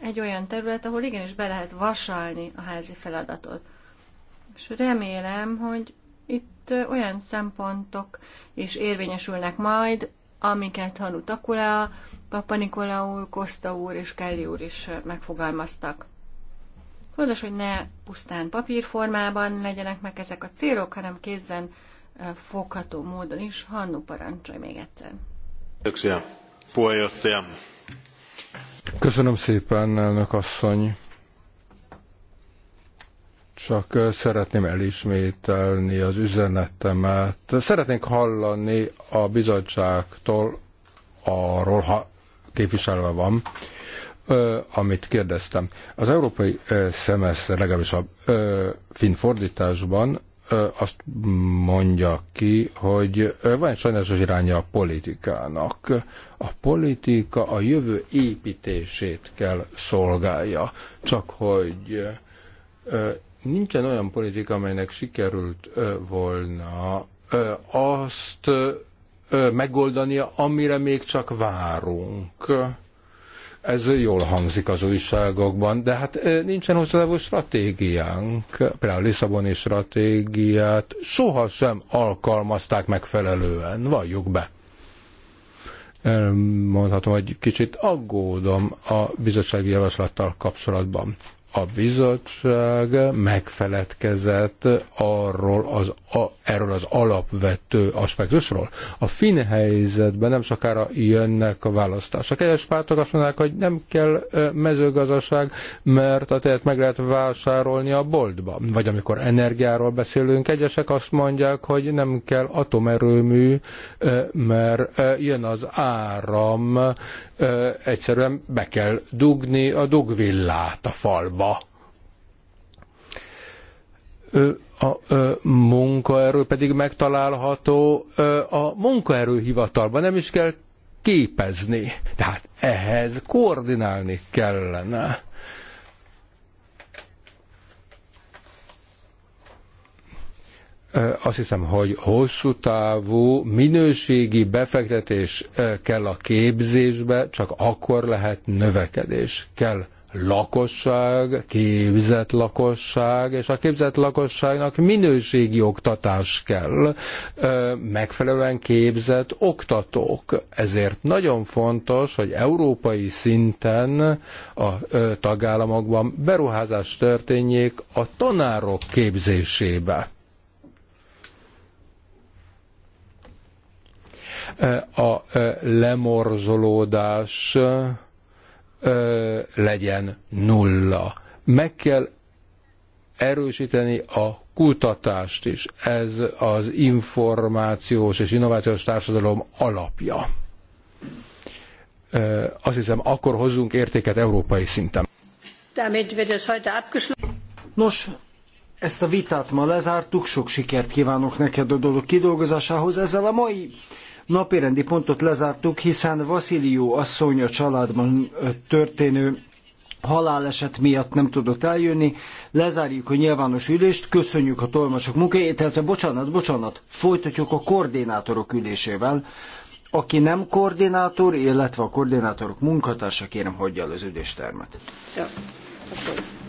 egy olyan terület, ahol igenis be lehet vasalni a házi feladatot. És remélem, hogy itt olyan szempontok is érvényesülnek majd, amiket Hanu Takula, Papa Nikolaul, Kosta úr és Kelly úr is megfogalmaztak. Fontos, hogy ne pusztán papírformában legyenek meg ezek a célok, hanem kézzen fogható módon is. Hannu parancsolj még egyszer. Köszönöm. Köszönöm szépen, elnök asszony. Csak szeretném elismételni az üzenetemet. Szeretnénk hallani a bizottságtól arról, ha képviselve van, amit kérdeztem. Az európai szemeszter, legalábbis a finn fordításban azt mondja ki, hogy van egy sajnálatos iránya a politikának. A politika a jövő építését kell szolgálja, csak hogy nincsen olyan politika, amelynek sikerült volna azt megoldania, amire még csak várunk ez jól hangzik az újságokban, de hát nincsen hozzávó stratégiánk. Például a Lisszaboni stratégiát sohasem alkalmazták megfelelően, valljuk be. Mondhatom, hogy kicsit aggódom a bizottsági javaslattal kapcsolatban a bizottság megfeledkezett arról az, a, erről az alapvető aspektusról. A finn helyzetben nem sokára jönnek a választások. Egyes pártok azt mondják, hogy nem kell mezőgazdaság, mert a tehet meg lehet vásárolni a boltba. Vagy amikor energiáról beszélünk, egyesek azt mondják, hogy nem kell atomerőmű, mert jön az áram, egyszerűen be kell dugni a dugvillát a falba hiába. A munkaerő pedig megtalálható a munkaerőhivatalban, nem is kell képezni. Tehát ehhez koordinálni kellene. azt hiszem, hogy hosszú távú minőségi befektetés kell a képzésbe, csak akkor lehet növekedés, kell lakosság, képzett lakosság, és a képzett lakosságnak minőségi oktatás kell, megfelelően képzett oktatók. Ezért nagyon fontos, hogy európai szinten a tagállamokban beruházás történjék a tanárok képzésébe. A lemorzsolódás ö, legyen nulla. Meg kell erősíteni a kutatást is. Ez az információs és innovációs társadalom alapja. Ö, azt hiszem, akkor hozzunk értéket európai szinten. Nos, ezt a vitát ma lezártuk, sok sikert kívánok neked a dolog kidolgozásához. Ezzel a mai napirendi pontot lezártuk, hiszen Vaszilió asszony a családban történő haláleset miatt nem tudott eljönni. Lezárjuk a nyilvános ülést, köszönjük a tolmacsok munkáját, tehát bocsánat, bocsánat, folytatjuk a koordinátorok ülésével. Aki nem koordinátor, illetve a koordinátorok munkatársa, kérem, hagyja el az üléstermet. So,